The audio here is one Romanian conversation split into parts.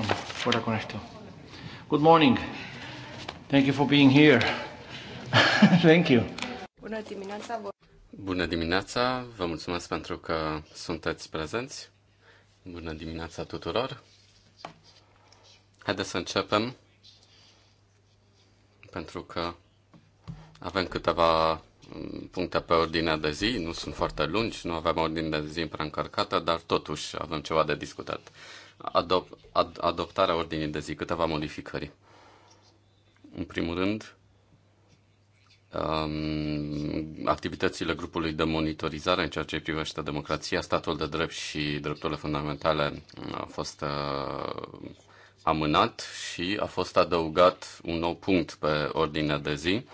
conexión, fuera esto. Good morning. Thank you for being here. Thank you. Bună dimineața. Bună dimineața. Vă mulțumesc pentru că sunteți prezenți. Bună dimineața tuturor. Haideți să începem pentru că avem câteva mm, puncte pe ordinea de zi, nu sunt foarte lungi, nu avem ordine de zi prea încărcată, dar totuși avem ceva de discutat adop, ad, adoptarea ordinii de zi, câteva modificări. În primul rând, um, activitățile grupului de monitorizare în ceea ce privește democrația, statul de drept și drepturile fundamentale a fost uh, amânat și a fost adăugat un nou punct pe ordinea de zi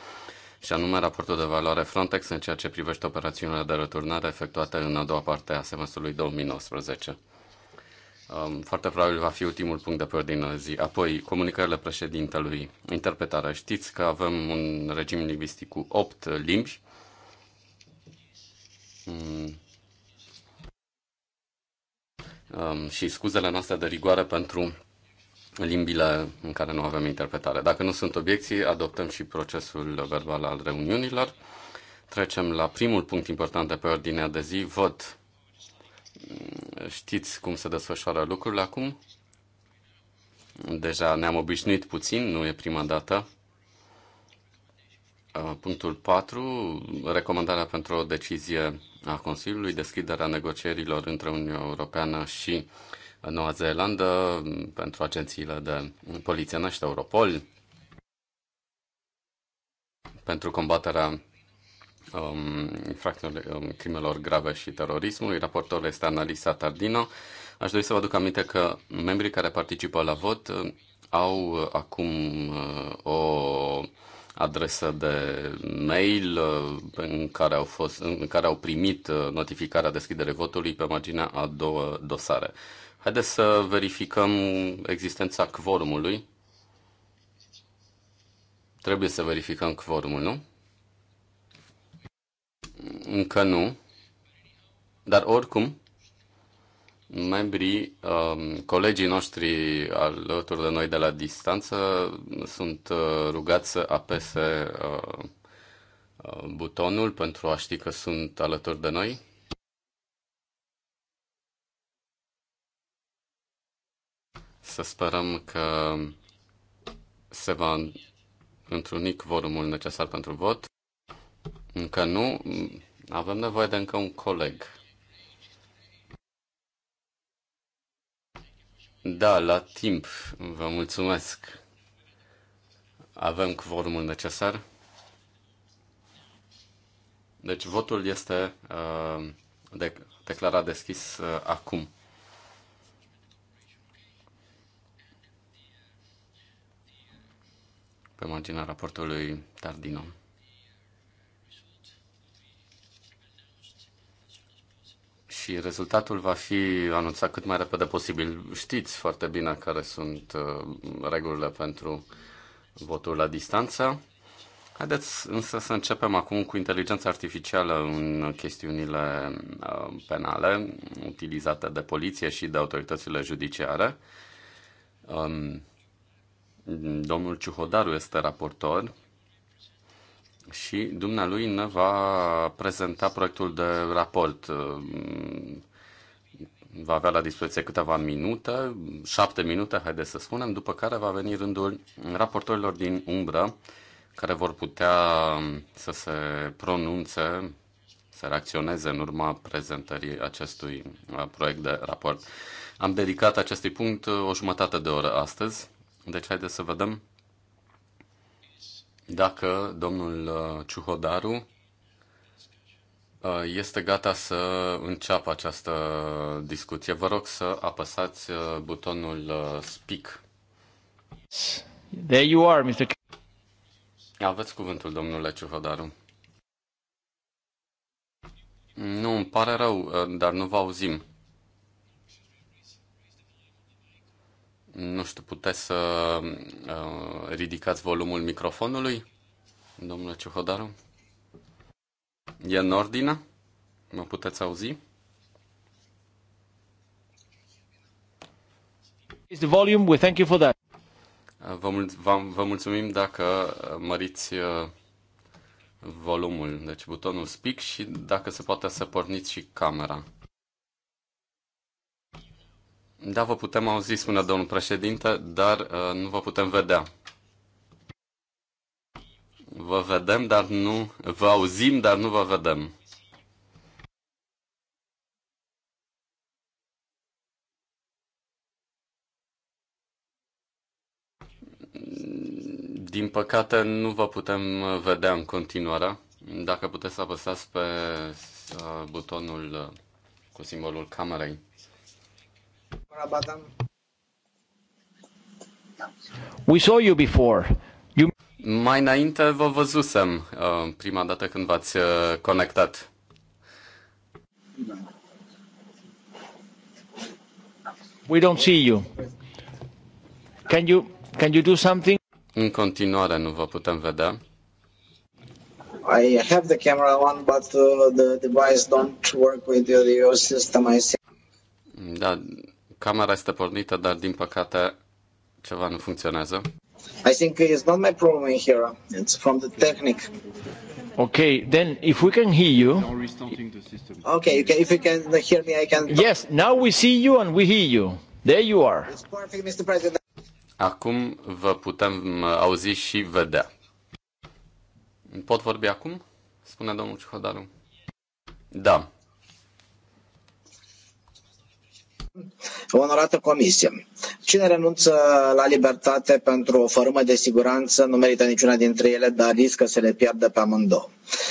și anume raportul de valoare Frontex în ceea ce privește operațiunile de returnare efectuate în a doua parte a semestrului 2019 um, foarte probabil va fi ultimul punct de pe ordinea zi. Apoi, comunicările președintelui, interpretarea. Știți că avem un regim lingvistic cu 8 limbi. Mm. Um, și scuzele noastre de rigoare pentru limbile în care nu avem interpretare. Dacă nu sunt obiecții, adoptăm și procesul verbal al reuniunilor. Trecem la primul punct important de pe ordinea de zi, vot știți cum se desfășoară lucrurile acum. Deja ne-am obișnuit puțin, nu e prima dată. Punctul 4. Recomandarea pentru o decizie a Consiliului, deschiderea negocierilor între Uniunea Europeană și Noua Zeelandă pentru agențiile de Poliție naște Europol, pentru combaterea um, infracțiunile um, crimelor grave și terorismului. Raportorul este Analisa Tardino. Aș dori să vă aduc aminte că membrii care participă la vot uh, au uh, acum uh, o adresă de mail în care au, fost, în care au primit notificarea deschidere votului pe marginea a două dosare. Haideți să verificăm existența quorumului. Trebuie să verificăm quorumul, nu? Încă nu. Dar oricum, membrii, um, colegii noștri alături de noi de la distanță sunt uh, rugați să apese uh, uh, butonul pentru a ști că sunt alături de noi. Să sperăm că se va întruni quorumul necesar pentru vot. Încă nu. Avem nevoie de încă un coleg. Da, la timp. Vă mulțumesc. Avem quorumul necesar. Deci votul este uh, de- declarat deschis uh, acum. Pe marginea raportului Tardino. și rezultatul va fi anunțat cât mai repede posibil. Știți foarte bine care sunt uh, regulile pentru votul la distanță. Haideți însă să începem acum cu inteligența artificială în chestiunile uh, penale utilizate de poliție și de autoritățile judiciare. Um, domnul Ciuhodaru este raportor și dumnealui ne va prezenta proiectul de raport. Va avea la dispoziție câteva minute, șapte minute, haideți să spunem, după care va veni rândul raportorilor din umbră care vor putea să se pronunțe, să reacționeze în urma prezentării acestui uh, proiect de raport. Am dedicat acestui punct uh, o jumătate de oră astăzi, deci haideți să vedem dacă domnul uh, Ciuhodaru uh, este gata să înceapă această discuție. Vă rog să apăsați uh, butonul speak. There you are, Mr. Aveți cuvântul, domnule Ciuhodaru. Nu, îmi pare rău, dar nu vă auzim. Nu știu, puteți să uh, ridicați volumul microfonului, domnule Ciuhodaru? E în ordine? Mă puteți auzi? Is the volume? We thank you for that. Uh, vă, mul- vă, vă mulțumim dacă uh, măriți uh, volumul, deci butonul speak și dacă se poate să porniți și camera. Da, vă putem auzi, spunea domnul președinte, dar uh, nu vă putem vedea. Vă vedem, dar nu... Vă auzim, dar nu vă vedem. Din păcate, nu vă putem uh, vedea în continuare. Dacă puteți să apăsați pe uh, butonul uh, cu simbolul camerei. We saw you before. You... Mai înainte vă văzusem uh, prima dată când v-ați uh, conectat. We don't see you. Can you can you do something? În continuare nu vă putem vedea. I have the camera on, but uh, the device don't work with your system. I see. Da, Camera este pornită, dar din păcate ceva nu funcționează. I think it's not my problem in here. It's from the technique. Okay, then if we can hear you. Now restarting the system. Okay, if you can hear me, I can. Talk. Yes, now we see you and we hear you. There you are. It's perfect, Mr. President. Acum vă putem uh, auzi și vedea. Pot vorbi acum? Spune domnul Cihodaru. Da. Onorată Comisie, cine renunță la libertate pentru o formă de siguranță nu merită niciuna dintre ele, dar riscă să le pierdă pe amândouă.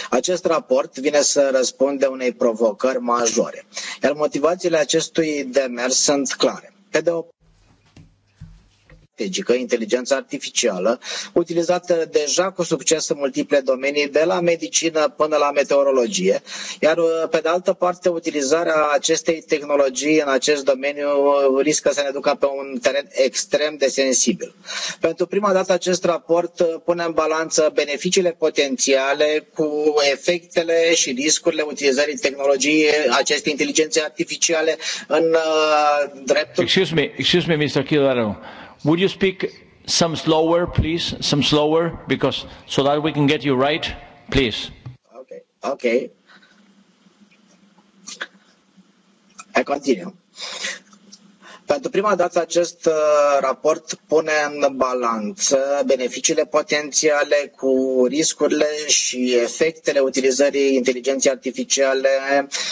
Acest raport vine să răspunde unei provocări majore, iar motivațiile acestui demers sunt clare. Pe de o strategică, inteligența artificială, utilizată deja cu succes în multiple domenii, de la medicină până la meteorologie, iar uh, pe de altă parte utilizarea acestei tehnologii în acest domeniu uh, riscă să ne ducă pe un teren extrem de sensibil. Pentru prima dată acest raport uh, pune în balanță beneficiile potențiale cu efectele și riscurile utilizării tehnologiei acestei inteligențe artificiale în dreptul... Excuse me, excuse me, Mr. Chilaro. Would you speak some slower, please? Some slower, because so that we can get you right, please. Okay. Okay. I continue pentru prima dată acest uh, raport pune în balanță beneficiile potențiale cu riscurile și efectele utilizării inteligenței artificiale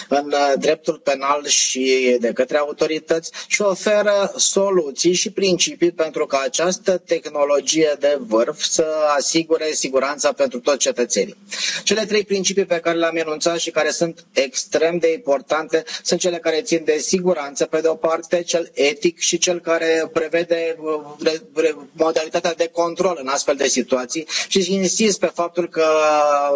în uh, dreptul penal și de către autorități și oferă soluții și principii pentru ca această tehnologie de vârf să asigure siguranța pentru toți cetățenii. Cele trei principii pe care le-am enunțat și care sunt extrem de importante sunt cele care țin de siguranță pe de o parte, cel etic și cel care prevede uh, modalitatea de control în astfel de situații și insist pe faptul că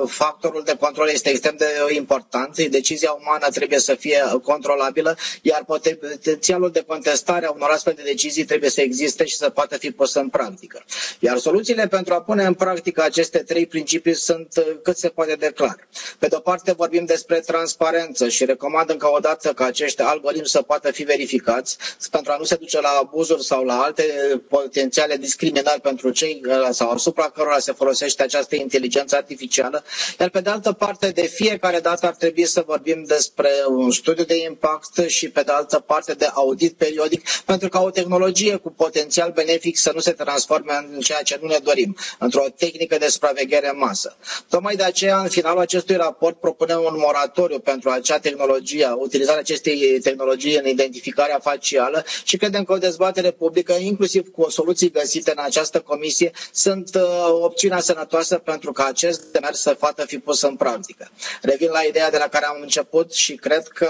factorul de control este extrem de important, decizia umană trebuie să fie controlabilă, iar potențialul de contestare a unor astfel de decizii trebuie să existe și să poată fi pus în practică. Iar soluțiile pentru a pune în practică aceste trei principii sunt cât se poate de clar. Pe de-o parte vorbim despre transparență și recomand încă o dată ca acești algoritmi să poată fi verificați, pentru a nu se duce la abuzuri sau la alte eh, potențiale discriminări pentru cei eh, sau asupra cărora se folosește această inteligență artificială. Iar pe de altă parte, de fiecare dată ar trebui să vorbim despre un studiu de impact și pe de altă parte de audit periodic, pentru ca o tehnologie cu potențial benefic să nu se transforme în ceea ce nu ne dorim, într-o tehnică de supraveghere în masă. Tocmai de aceea, în finalul acestui raport, propunem un moratoriu pentru acea tehnologie, utilizarea acestei tehnologii în identificarea facială și credem că o dezbatere publică, inclusiv cu soluții găsite în această comisie, sunt uh, opțiunea sănătoasă pentru ca acest demers să poată fi pus în practică. Revin la ideea de la care am început și cred că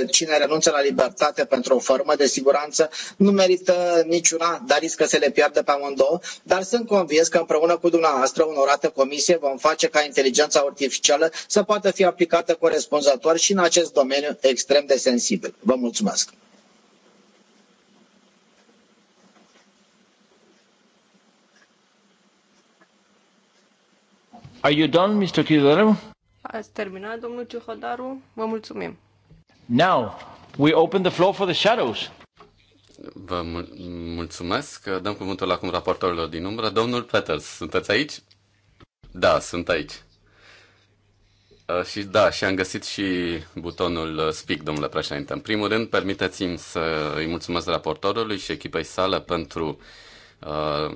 uh, cine renunță la libertate pentru o formă de siguranță nu merită niciuna, dar riscă să le piardă pe amândouă, dar sunt convins că împreună cu dumneavoastră, onorată comisie, vom face ca inteligența artificială să poată fi aplicată corespunzător și în acest domeniu extrem de sensibil. Vă mulțumesc! Are you done, Mr. Chiudoru? Ați terminat, domnul Ciuhodaru? Vă mulțumim. Now, we open the floor for the shadows. Vă mul- mulțumesc. Dăm cuvântul acum raportorilor din umbră. Domnul Peters, sunteți aici? Da, sunt aici. Uh, și da, și am găsit și butonul uh, speak, domnule președinte. În primul rând, permiteți-mi să îi mulțumesc raportorului și echipei sale pentru uh, Uh,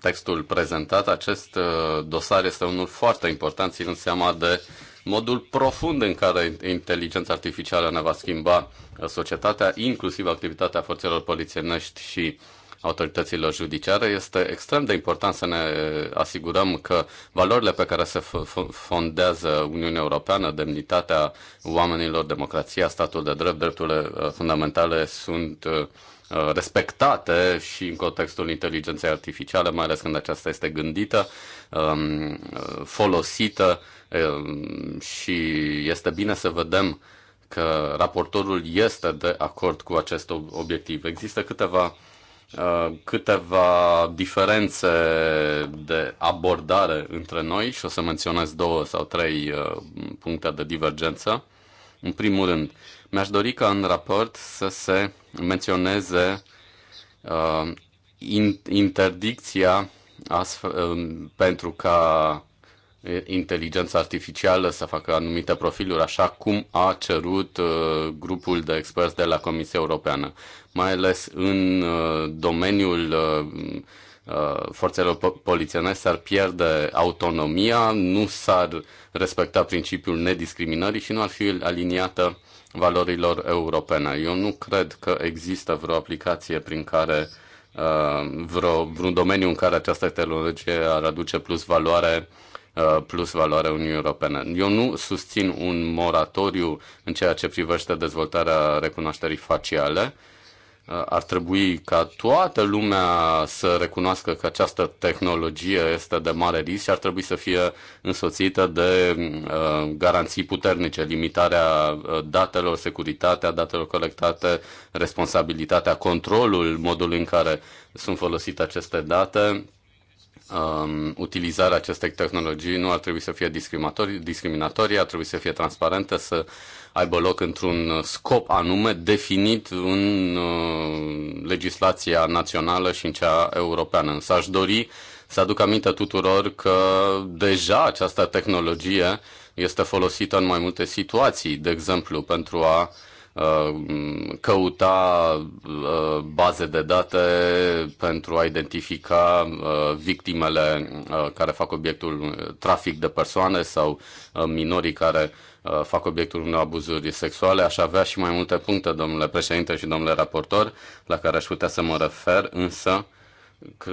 textul prezentat, acest uh, dosar este unul foarte important, ținând seama de modul profund în care inteligența artificială ne va schimba uh, societatea, inclusiv activitatea forțelor polițienești și autorităților judiciare, este extrem de important să ne asigurăm că valorile pe care se fondează Uniunea Europeană, demnitatea oamenilor, democrația, statul de drept, drepturile fundamentale sunt Uh, respectate și în contextul inteligenței artificiale, mai ales când aceasta este gândită, um, uh, folosită um, și este bine să vedem că raportorul este de acord cu acest obiectiv. Există câteva uh, câteva diferențe de abordare între noi și o să menționez două sau trei puncte de divergență. În primul rând, mi-aș dori ca în raport să se menționeze uh, interdicția astfel, um, pentru ca inteligența artificială să facă anumite profiluri, așa cum a cerut uh, grupul de experți de la Comisia Europeană, mai ales în uh, domeniul uh, Uh, forțelor poliționești s-ar pierde autonomia, nu s-ar respecta principiul nediscriminării și nu ar fi aliniată valorilor europene. Eu nu cred că există vreo aplicație prin care uh, vreo, vreun domeniu în care această tehnologie ar aduce plus valoare uh, plus valoare Uniunii Europene. Eu nu susțin un moratoriu în ceea ce privește dezvoltarea recunoașterii faciale, uh, ar trebui ca toată lumea să recunoască că această tehnologie este de mare risc și ar trebui să fie însoțită de uh, garanții puternice, limitarea uh, datelor, securitatea datelor colectate, responsabilitatea, controlul, modul în care sunt folosite aceste date. Um, utilizarea acestei tehnologii nu ar trebui să fie discriminatorie, discriminatorie ar trebui să fie transparentă, să uh, aibă loc într-un uh, scop anume definit în uh, legislația națională și în cea europeană. Însă aș dori să aduc aminte tuturor că deja această tehnologie este folosită în mai multe situații, de exemplu pentru a uh, căuta baze de date pentru a identifica victimele care fac obiectul trafic de persoane sau minorii care Uh, fac obiectul unor abuzuri sexuale. Aș avea și mai multe puncte, domnule președinte și domnule raportor, la care aș putea să mă refer, însă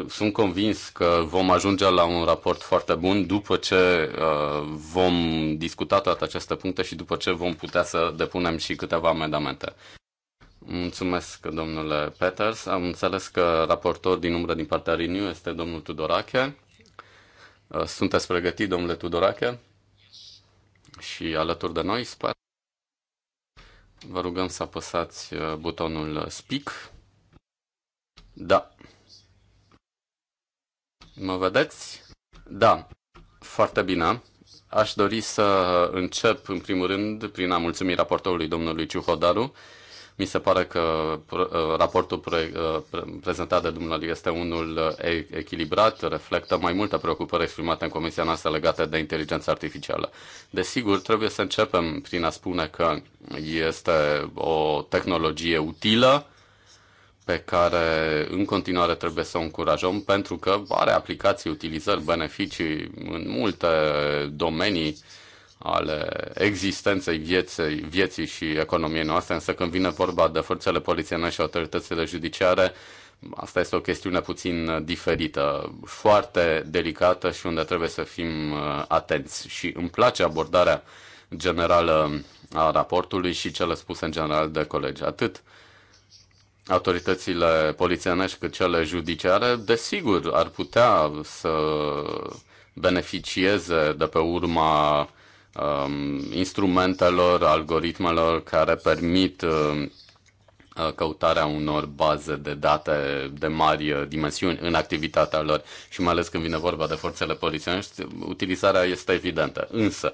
sunt convins că vom ajunge la un raport foarte bun după ce uh, vom discuta toate aceste puncte și după ce vom putea să depunem și câteva amendamente. Mulțumesc, domnule Peters. Am înțeles că raportor din umbră din partea Renew este domnul Tudorache. Uh, sunteți pregătit, domnule Tudorache? și alături de noi. Sper. Vă rugăm să apăsați uh, butonul Speak. Da. Mă vedeți? Da. Foarte bine. Aș dori să încep, în primul rând, prin a mulțumi raportorului domnului Ciuhodaru mi se pare că uh, raportul uh, pre- prezentat de dumneavoastră este unul uh, echilibrat, reflectă mai multe preocupări exprimate în comisia noastră legate de inteligența artificială. Desigur, trebuie să începem prin a spune că este o tehnologie utilă, pe care în continuare trebuie să o încurajăm pentru că are aplicații, utilizări, beneficii în multe domenii ale existenței vieții, vieții și economiei noastre, însă când vine vorba de forțele polițiene și autoritățile judiciare, asta este o chestiune puțin diferită, foarte delicată și unde trebuie să fim uh, atenți. Și îmi place abordarea generală a raportului și cele spuse în general de colegi. Atât autoritățile polițienești cât cele judiciare, desigur, ar putea să beneficieze de pe urma um, instrumentelor, algoritmelor care permit um, uh, căutarea unor baze de date de mari uh, dimensiuni în activitatea lor și mai ales când vine vorba de forțele polițienești, utilizarea este evidentă. Însă,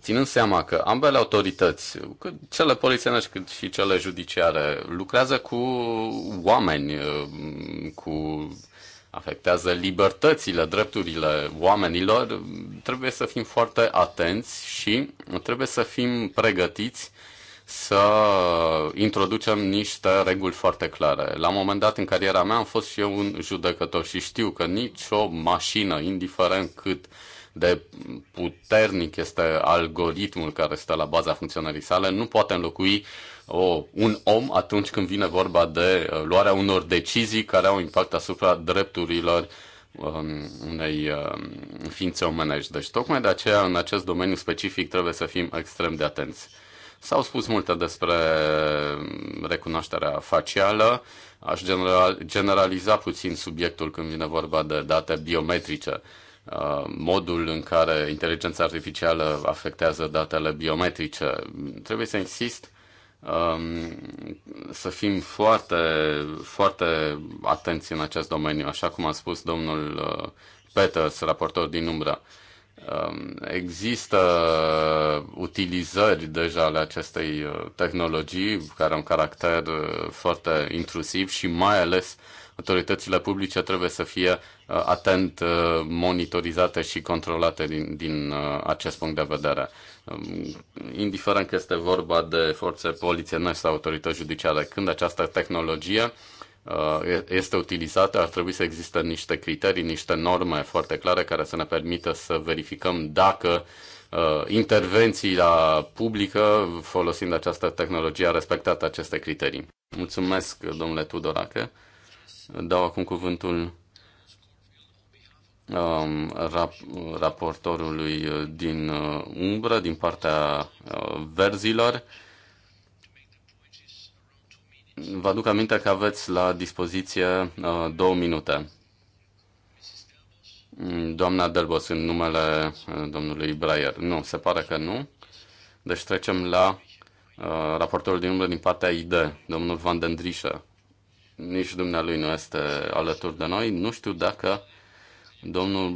ținând seama că ambele autorități, cât cele polițienești cât și cele judiciare, lucrează cu oameni, uh, cu afectează libertățile, drepturile oamenilor, trebuie să fim foarte atenți și trebuie să fim pregătiți să introducem niște reguli foarte clare. La un moment dat în cariera mea am fost și eu un judecător și știu că nicio mașină, indiferent cât de puternic este algoritmul care stă la baza funcționării sale, nu poate înlocui uh, o, un om atunci când vine vorba de uh, luarea unor decizii care au impact asupra drepturilor um, unei um, ființe omenești. Deci tocmai de aceea în acest domeniu specific trebuie să fim extrem de atenți. S-au spus multe despre um, recunoașterea facială. Aș generaliza puțin subiectul când vine vorba de date biometrice. Uh, modul în care inteligența artificială afectează datele biometrice. Trebuie să insist Um, să fim foarte, foarte atenți în acest domeniu, așa cum a spus domnul uh, Peters, raportor din Umbra. Um, există utilizări deja ale acestei uh, tehnologii care au un caracter uh, foarte intrusiv și mai ales autoritățile publice trebuie să fie atent monitorizate și controlate din, din acest punct de vedere indiferent că este vorba de forțe noi sau autorități judiciare. Când această tehnologie uh, este utilizată, ar trebui să existe niște criterii, niște norme foarte clare care să ne permită să verificăm dacă uh, intervenția publică folosind această tehnologie a respectat aceste criterii. Mulțumesc, domnule Tudorache. Dau acum cuvântul Um, rap- raportorului din uh, umbră, din partea uh, verzilor. Vă aduc aminte că aveți la dispoziție uh, două minute. Doamna Delbos, în numele domnului Breyer, Nu, se pare că nu. Deci trecem la raportorul din umbră din partea ID, domnul Van den Drische. Nici dumnealui nu este alături de noi. Nu știu dacă Domnul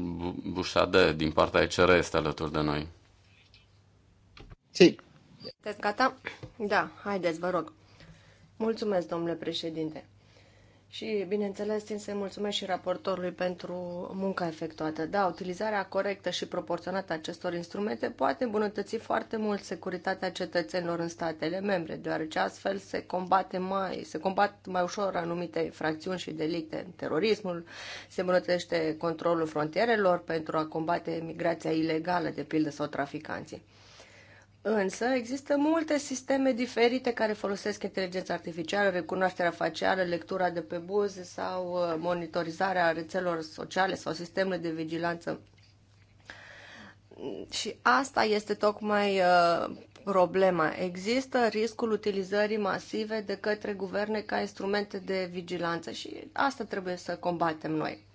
Bușade, din partea ECR, este alături de noi. Si. Sunteți gata? Da, haideți, vă rog. Mulțumesc, domnule președinte. Și, bineînțeles, țin să-i mulțumesc și raportorului pentru munca efectuată. Da, utilizarea corectă și proporționată a acestor instrumente poate îmbunătăți foarte mult securitatea cetățenilor în statele membre, deoarece astfel se, combate mai, se combat mai ușor anumite infracțiuni și delicte. Terorismul se îmbunătățește controlul frontierelor pentru a combate migrația ilegală, de pildă, sau traficanții. Însă există multe sisteme diferite care folosesc inteligența artificială, recunoașterea facială, lectura de pe buze sau uh, monitorizarea rețelor sociale sau sistemele de vigilanță. Și asta este tocmai uh, problema. Există riscul utilizării masive de către guverne ca instrumente de vigilanță și asta trebuie să combatem noi.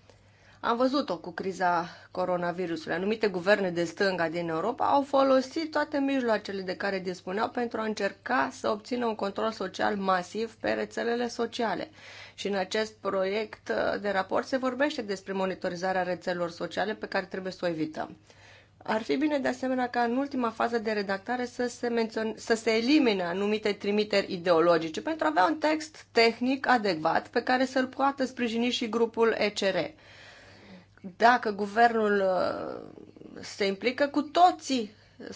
Am văzut-o cu criza coronavirusului. Anumite guverne de stânga din Europa au folosit toate mijloacele de care dispuneau pentru a încerca să obțină un control social masiv pe rețelele sociale. Și în acest proiect de raport se vorbește despre monitorizarea rețelelor sociale pe care trebuie să o evităm. Ar fi bine de asemenea ca în ultima fază de redactare să se, mențion- să se elimine anumite trimiteri ideologice pentru a avea un text tehnic adecvat pe care să-l poată sprijini și grupul ECR dacă guvernul uh, se implică, cu toții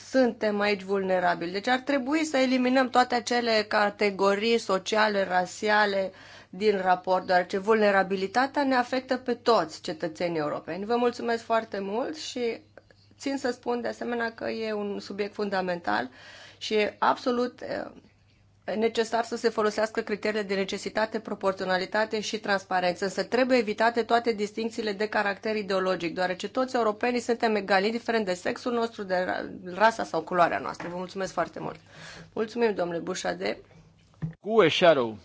suntem aici vulnerabili. Deci ar trebui să eliminăm toate acele categorii sociale, rasiale din raport, deoarece vulnerabilitatea ne afectă pe toți cetățenii europeni. Vă mulțumesc foarte mult și țin să spun de asemenea că e un subiect fundamental și e absolut uh, necesar să se folosească criteriile de necesitate, proporționalitate și transparență, însă trebuie evitate toate distincțiile de caracter ideologic, deoarece toți europenii suntem egali, indiferent de sexul nostru, de rasa sau culoarea noastră. Vă mulțumesc foarte mult. Mulțumim, domnule Bușade. Cu eșarul.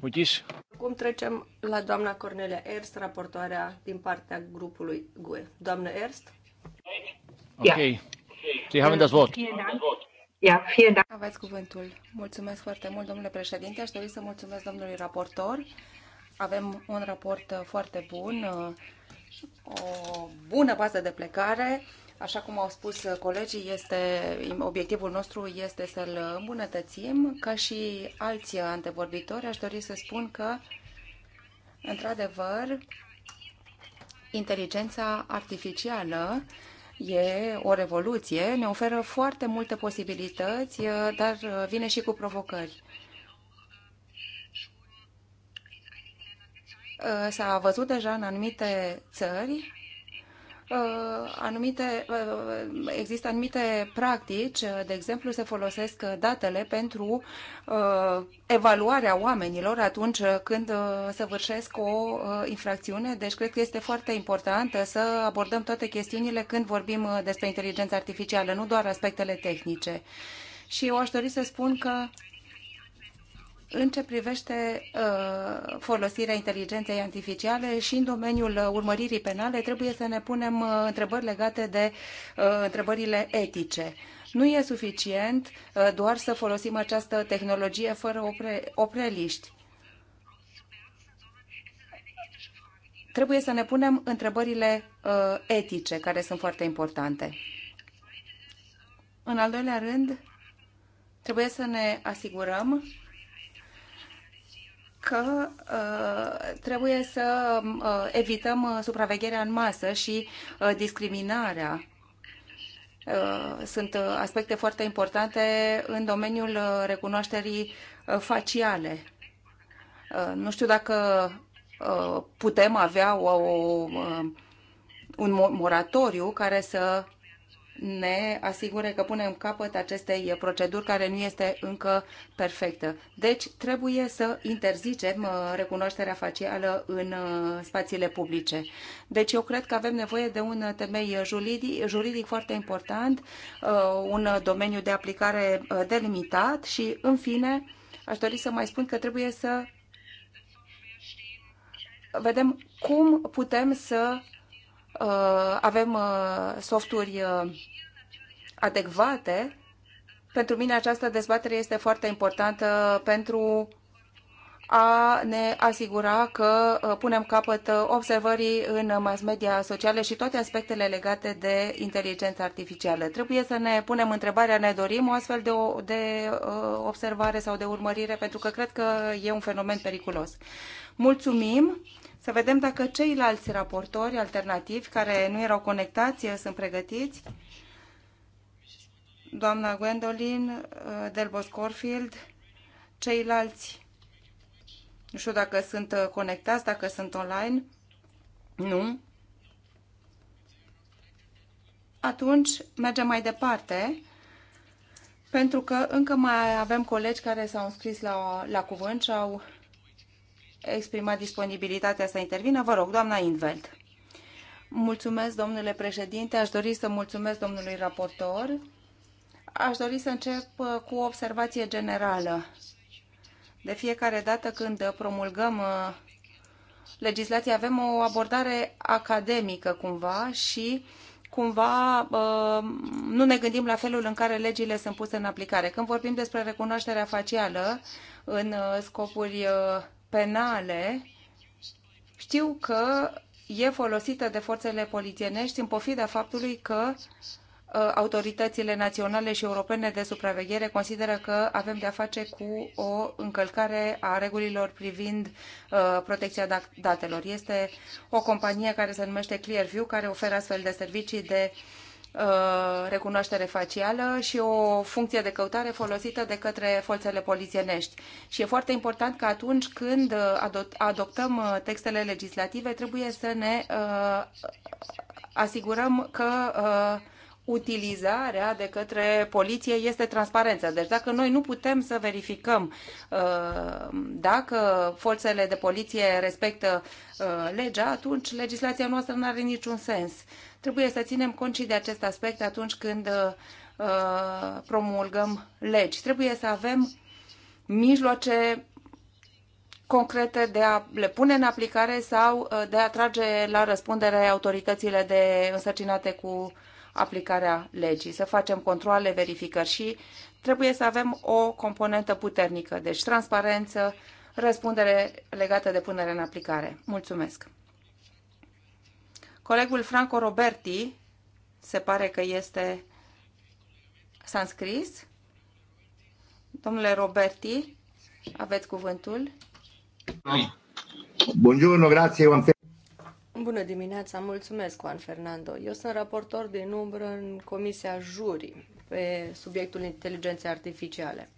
Mutis. Acum trecem la doamna Cornelia Erst, raportoarea din partea grupului GUE. Doamnă Erst? Ok. Yeah. okay. So you haven't does vote. Ia, fie da. Aveți cuvântul. Mulțumesc foarte mult, domnule președinte. Aș dori să mulțumesc domnului raportor. Avem un raport uh, foarte bun, uh, o bună bază de plecare. Așa cum au spus uh, colegii, este, obiectivul nostru este să-l îmbunătățim. Ca și alți antevorbitori, aș dori să spun că, într-adevăr, inteligența artificială e o revoluție, ne oferă foarte multe posibilități, uh, dar uh, vine și cu provocări. Uh, s-a văzut deja în anumite țări Uh, anumite, uh, există anumite practici, uh, de exemplu, se folosesc datele pentru evaluarea oamenilor atunci când săvârșesc o infracțiune, deci cred că este foarte important să abordăm toate chestiunile când vorbim despre inteligența artificială, nu doar aspectele tehnice. Și eu aș dori să spun că în ce privește uh, folosirea inteligenței artificiale și în domeniul uh, urmăririi penale, trebuie să ne punem uh, întrebări legate de uh, întrebările etice. Nu e suficient uh, doar să folosim această tehnologie fără opre, opreliști. Trebuie să ne punem întrebările uh, etice, care sunt foarte importante. În al doilea rând, trebuie să ne asigurăm că uh, trebuie să uh, evităm uh, supravegherea în masă și uh, discriminarea. Uh, sunt uh, aspecte foarte importante în domeniul recunoașterii faciale. Nu știu dacă putem avea o, o, un moratoriu care să ne asigure că punem capăt acestei proceduri care nu este încă perfectă. Deci trebuie să interzicem uh, recunoașterea facială în uh, spațiile publice. Deci eu cred că avem nevoie de un temei juridic, juridic foarte important, uh, un domeniu de aplicare delimitat și, în fine, aș dori să mai spun că trebuie să vedem cum putem să Uh, avem uh, softuri uh, adecvate. Pentru mine această dezbatere este foarte importantă pentru a ne asigura că uh, punem capăt uh, observării în mass media sociale și toate aspectele legate de inteligența artificială. Trebuie să ne punem întrebarea, ne dorim o astfel de, o, de uh, observare sau de urmărire, pentru că cred că e un fenomen periculos. Mulțumim! Să vedem dacă ceilalți raportori alternativi care nu erau conectați sunt pregătiți. Doamna Gwendolyn, Delbos Corfield, ceilalți nu știu dacă sunt uh, conectați, dacă sunt online. Nu. Atunci mergem mai departe, pentru că încă mai avem colegi care s-au înscris la, la cuvânt și au exprimat disponibilitatea să intervină. Vă rog, doamna Invelt. Mulțumesc, domnule președinte. Aș dori să mulțumesc domnului raportor. Aș dori să încep uh, cu o observație generală de fiecare dată când promulgăm uh, legislație avem o abordare academică cumva și cumva uh, nu ne gândim la felul în care legile sunt puse în aplicare. Când vorbim despre recunoașterea facială în uh, scopuri penale, știu că e folosită de forțele polițienești în pofida faptului că Uh, autoritățile naționale și europene de supraveghere consideră că avem de-a face cu o încălcare a regulilor privind uh, protecția datelor. Este o companie care se numește Clearview, care oferă astfel de servicii de uh, recunoaștere facială și o funcție de căutare folosită de către forțele polițienești. Și e foarte important că atunci când adoptăm textele legislative, trebuie să ne asigurăm că uh, utilizarea de către poliție este transparența. Deci dacă noi nu putem să verificăm uh, dacă forțele de poliție respectă uh, legea, atunci legislația noastră nu are niciun sens. Trebuie să ținem cont și de acest aspect atunci când uh, promulgăm legi. Trebuie să avem mijloace concrete de a le pune în aplicare sau uh, de a trage la răspundere autoritățile de însărcinate cu aplicarea legii, să facem controle, verificări și trebuie să avem o componentă puternică, deci transparență, răspundere legată de punere în aplicare. Mulțumesc! Colegul Franco Roberti se pare că este s-a înscris. Domnule Roberti, aveți cuvântul. Buongiorno, grazie. Bună dimineața, mulțumesc, Juan Fernando. Eu sunt raportor de număr în Comisia Juri pe subiectul inteligenței artificiale.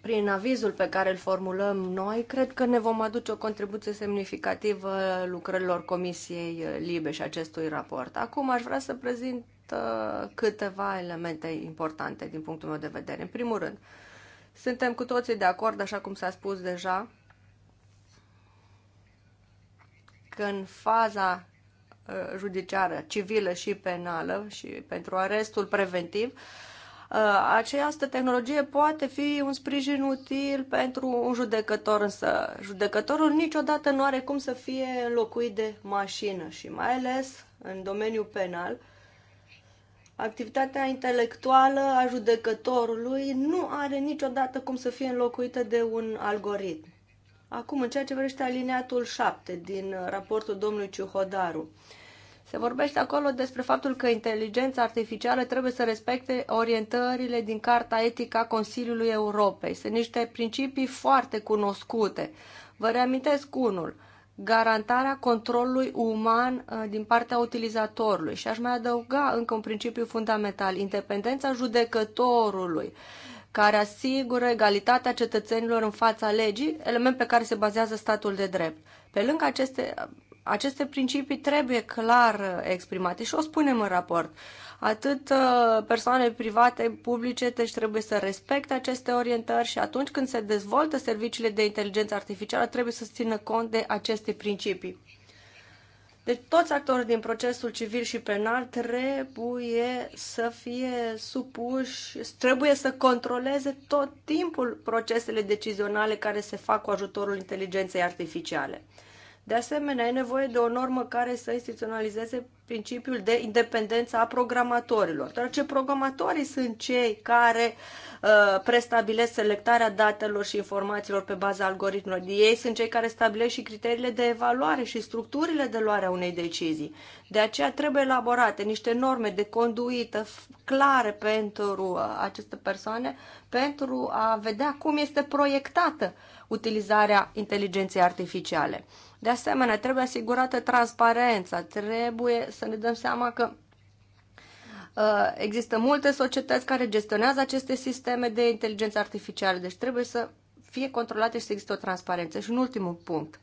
Prin avizul pe care îl formulăm noi, cred că ne vom aduce o contribuție semnificativă lucrărilor Comisiei Libe și acestui raport. Acum aș vrea să prezint uh, câteva elemente importante din punctul meu de vedere. În primul rând, suntem cu toții de acord, așa cum s-a spus deja, că în faza uh, judiciară, civilă și penală și pentru arestul preventiv, uh, această tehnologie poate fi un sprijin util pentru un judecător, însă judecătorul niciodată nu are cum să fie înlocuit de mașină și mai ales în domeniul penal, activitatea intelectuală a judecătorului nu are niciodată cum să fie înlocuită de un algoritm. Acum, în ceea ce vrește alineatul 7 din raportul domnului Ciuhodaru, se vorbește acolo despre faptul că inteligența artificială trebuie să respecte orientările din Carta Etică a Consiliului Europei. Sunt niște principii foarte cunoscute. Vă reamintesc unul, garantarea controlului uman uh, din partea utilizatorului. Și aș mai adăuga încă un principiu fundamental, independența judecătorului care asigură egalitatea cetățenilor în fața legii, element pe care se bazează statul de drept. Pe lângă aceste, aceste principii trebuie clar uh, exprimate și o spunem în raport. Atât uh, persoane private, publice, deci trebuie să respecte aceste orientări și atunci când se dezvoltă serviciile de inteligență artificială trebuie să țină cont de aceste principii. Deci toți actorii din procesul civil și penal trebuie să fie supuși, trebuie să controleze tot timpul procesele decizionale care se fac cu ajutorul inteligenței artificiale. De asemenea, e nevoie de o normă care să instituționalizeze principiul de independență a programatorilor, deoarece programatorii sunt cei care uh, prestabilesc selectarea datelor și informațiilor pe baza algoritmelor. Ei sunt cei care stabilesc și criteriile de evaluare și structurile de luare a unei decizii. De aceea trebuie elaborate niște norme de conduită clare pentru uh, aceste persoane, pentru a vedea cum este proiectată utilizarea inteligenței artificiale. De asemenea, trebuie asigurată transparența, trebuie să ne dăm seama că uh, există multe societăți care gestionează aceste sisteme de inteligență artificială, deci trebuie să fie controlate și să există o transparență. Și un ultimul punct.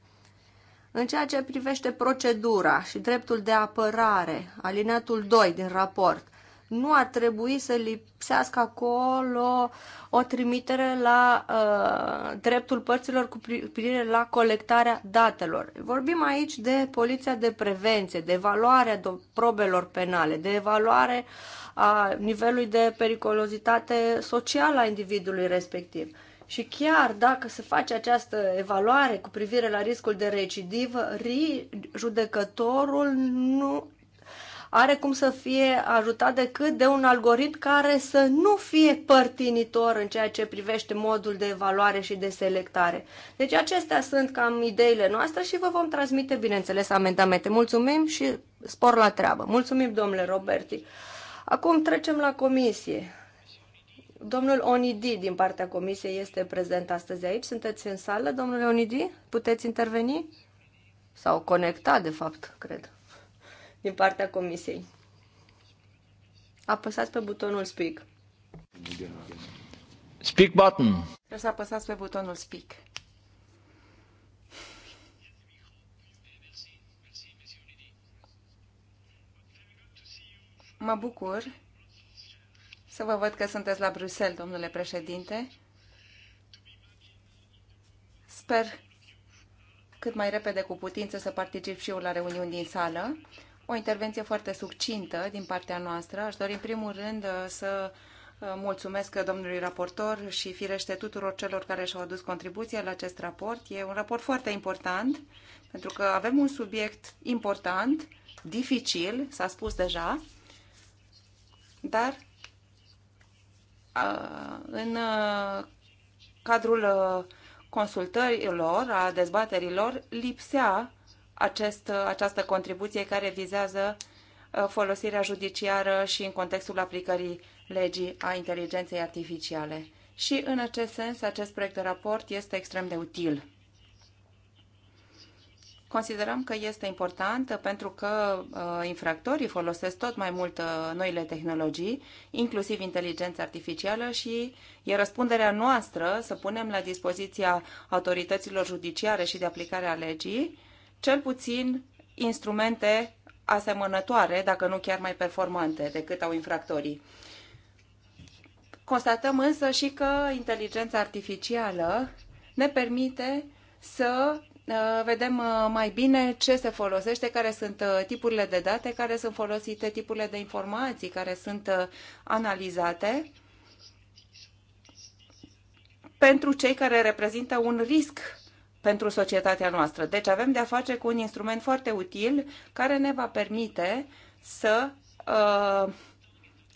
În ceea ce privește procedura și dreptul de apărare, alineatul 2 din raport, nu ar trebui să lipsească acolo o trimitere la uh, dreptul părților cu privire la colectarea datelor. Vorbim aici de poliția de prevenție, de evaluarea probelor penale, de evaluare a nivelului de periculozitate socială a individului respectiv. Și chiar dacă se face această evaluare cu privire la riscul de recidivă, judecătorul nu are cum să fie ajutat decât de un algoritm care să nu fie părtinitor în ceea ce privește modul de evaluare și de selectare. Deci acestea sunt cam ideile noastre și vă vom transmite, bineînțeles, amendamente. Mulțumim și spor la treabă. Mulțumim, domnule Roberti. Acum trecem la comisie. Domnul Onidi din partea comisiei este prezent astăzi aici. Sunteți în sală, domnule Onidi? Puteți interveni? Sau conecta, de fapt, cred din partea comisiei. Apăsați pe butonul Speak. Speak button. Trebuie să apăsați pe butonul Speak. Mă bucur să vă văd că sunteți la Bruxelles, domnule președinte. Sper cât mai repede cu putință să particip și eu la reuniuni din sală o intervenție foarte succintă din partea noastră. Aș dori în primul rând să uh, mulțumesc domnului raportor și firește tuturor celor care și-au adus contribuția la acest raport. E un raport foarte important pentru că avem un subiect important, dificil, s-a spus deja, dar uh, în uh, cadrul consultărilor, a dezbaterilor, lipsea acest, această contribuție care vizează uh, folosirea judiciară și în contextul aplicării legii a inteligenței artificiale. Și în acest sens, acest proiect de raport este extrem de util. Considerăm că este important pentru că uh, infractorii folosesc tot mai mult uh, noile tehnologii, inclusiv inteligența artificială și e răspunderea noastră să punem la dispoziția autorităților judiciare și de aplicare a legii cel puțin instrumente asemănătoare, dacă nu chiar mai performante decât au infractorii. Constatăm însă și că inteligența artificială ne permite să uh, vedem uh, mai bine ce se folosește, care sunt uh, tipurile de date, care sunt folosite, tipurile de informații care sunt analizate pentru cei care reprezintă un risc pentru societatea noastră. Deci avem de-a face cu un instrument foarte util care ne va permite să uh,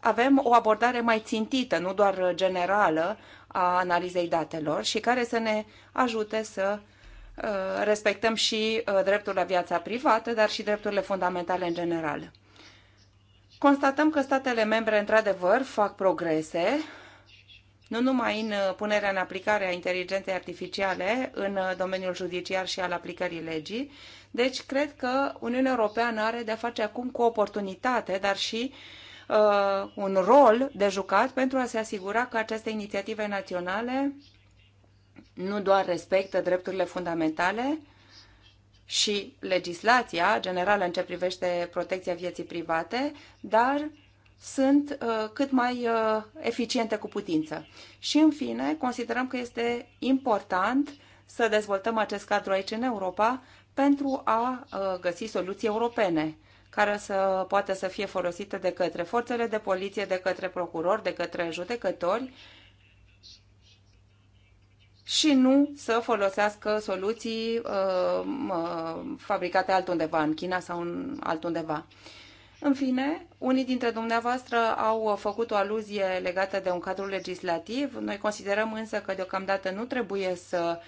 avem o abordare mai țintită, nu doar generală, a analizei datelor și care să ne ajute să uh, respectăm și uh, dreptul la viața privată, dar și drepturile fundamentale în general. Constatăm că statele membre, într-adevăr, fac progrese nu numai în uh, punerea în aplicare a inteligenței artificiale în uh, domeniul judiciar și al aplicării legii. Deci, cred că Uniunea Europeană are de-a face acum cu oportunitate, dar și uh, un rol de jucat pentru a se asigura că aceste inițiative naționale nu doar respectă drepturile fundamentale și legislația generală în ce privește protecția vieții private, dar sunt uh, cât mai uh, eficiente cu putință. Și, în fine, considerăm că este important să dezvoltăm acest cadru aici în Europa pentru a uh, găsi soluții europene care să poată să fie folosite de către forțele de poliție, de către procurori, de către judecători și nu să folosească soluții uh, uh fabricate altundeva, în China sau în altundeva. Uh, în fine, unii dintre dumneavoastră au făcut o aluzie legată de un cadru legislativ. Noi considerăm însă că deocamdată nu trebuie să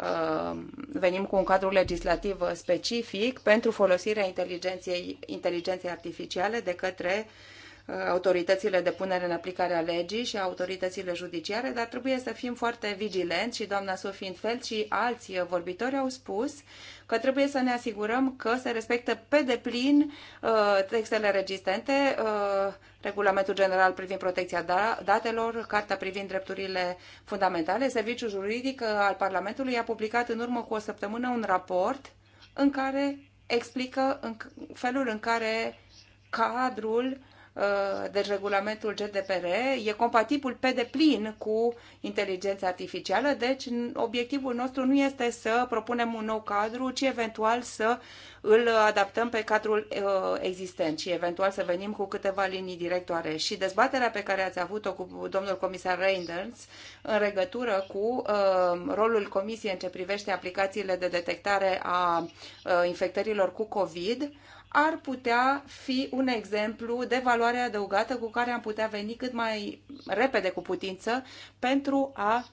uh, venim cu un cadru legislativ specific pentru folosirea inteligenței, inteligenței artificiale de către uh, autoritățile de punere în aplicare a legii și autoritățile judiciare, dar trebuie să fim foarte vigilenți și doamna Sofie Infeld și alții vorbitori au spus că trebuie să ne asigurăm că se respectă pe deplin uh, textele registente, uh, Regulamentul General privind protecția da, datelor, Carta privind drepturile fundamentale. Serviciul juridic uh, al Parlamentului a publicat în urmă cu o săptămână un raport în care explică în felul în care cadrul Uh, de deci regulamentul GDPR e compatibil pe deplin cu inteligența artificială, deci obiectivul nostru nu este să propunem un nou cadru, ci eventual să îl adaptăm pe cadrul uh, existent și eventual să venim cu câteva linii directoare. Și dezbaterea pe care ați avut-o cu domnul comisar Reinders în legătură cu uh, rolul comisiei în ce privește aplicațiile de detectare a infectărilor cu COVID, ar putea fi un exemplu de valoare adăugată cu care am putea veni cât mai repede cu putință pentru a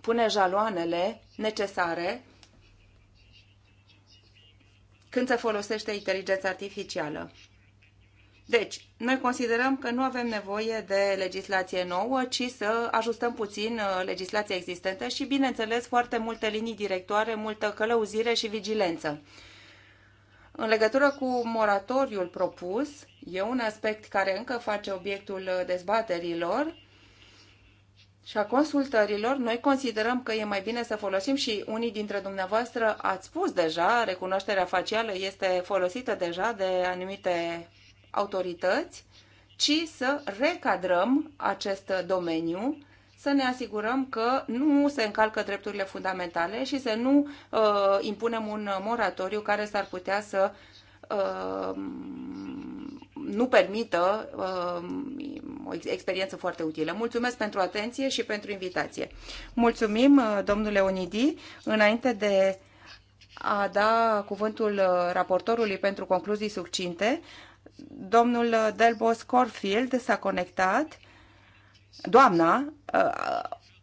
pune jaloanele necesare când se folosește inteligența artificială. Deci, noi considerăm că nu avem nevoie de legislație nouă, ci să ajustăm puțin uh, legislația existentă și, bineînțeles, foarte multe linii directoare, multă călăuzire și vigilență în legătură cu moratoriul propus, e un aspect care încă face obiectul dezbaterilor și a consultărilor. Noi considerăm că e mai bine să folosim și unii dintre dumneavoastră ați spus deja, recunoașterea facială este folosită deja de anumite autorități, ci să recadrăm acest domeniu să ne asigurăm că nu se încalcă drepturile fundamentale și să nu uh, impunem un moratoriu care s-ar putea să uh, nu permită uh, o experiență foarte utilă. Mulțumesc pentru atenție și pentru invitație. Mulțumim, uh, domnule Onidi. Înainte de a da cuvântul uh, raportorului pentru concluzii succinte, domnul Delbos Corfield s-a conectat. Doamna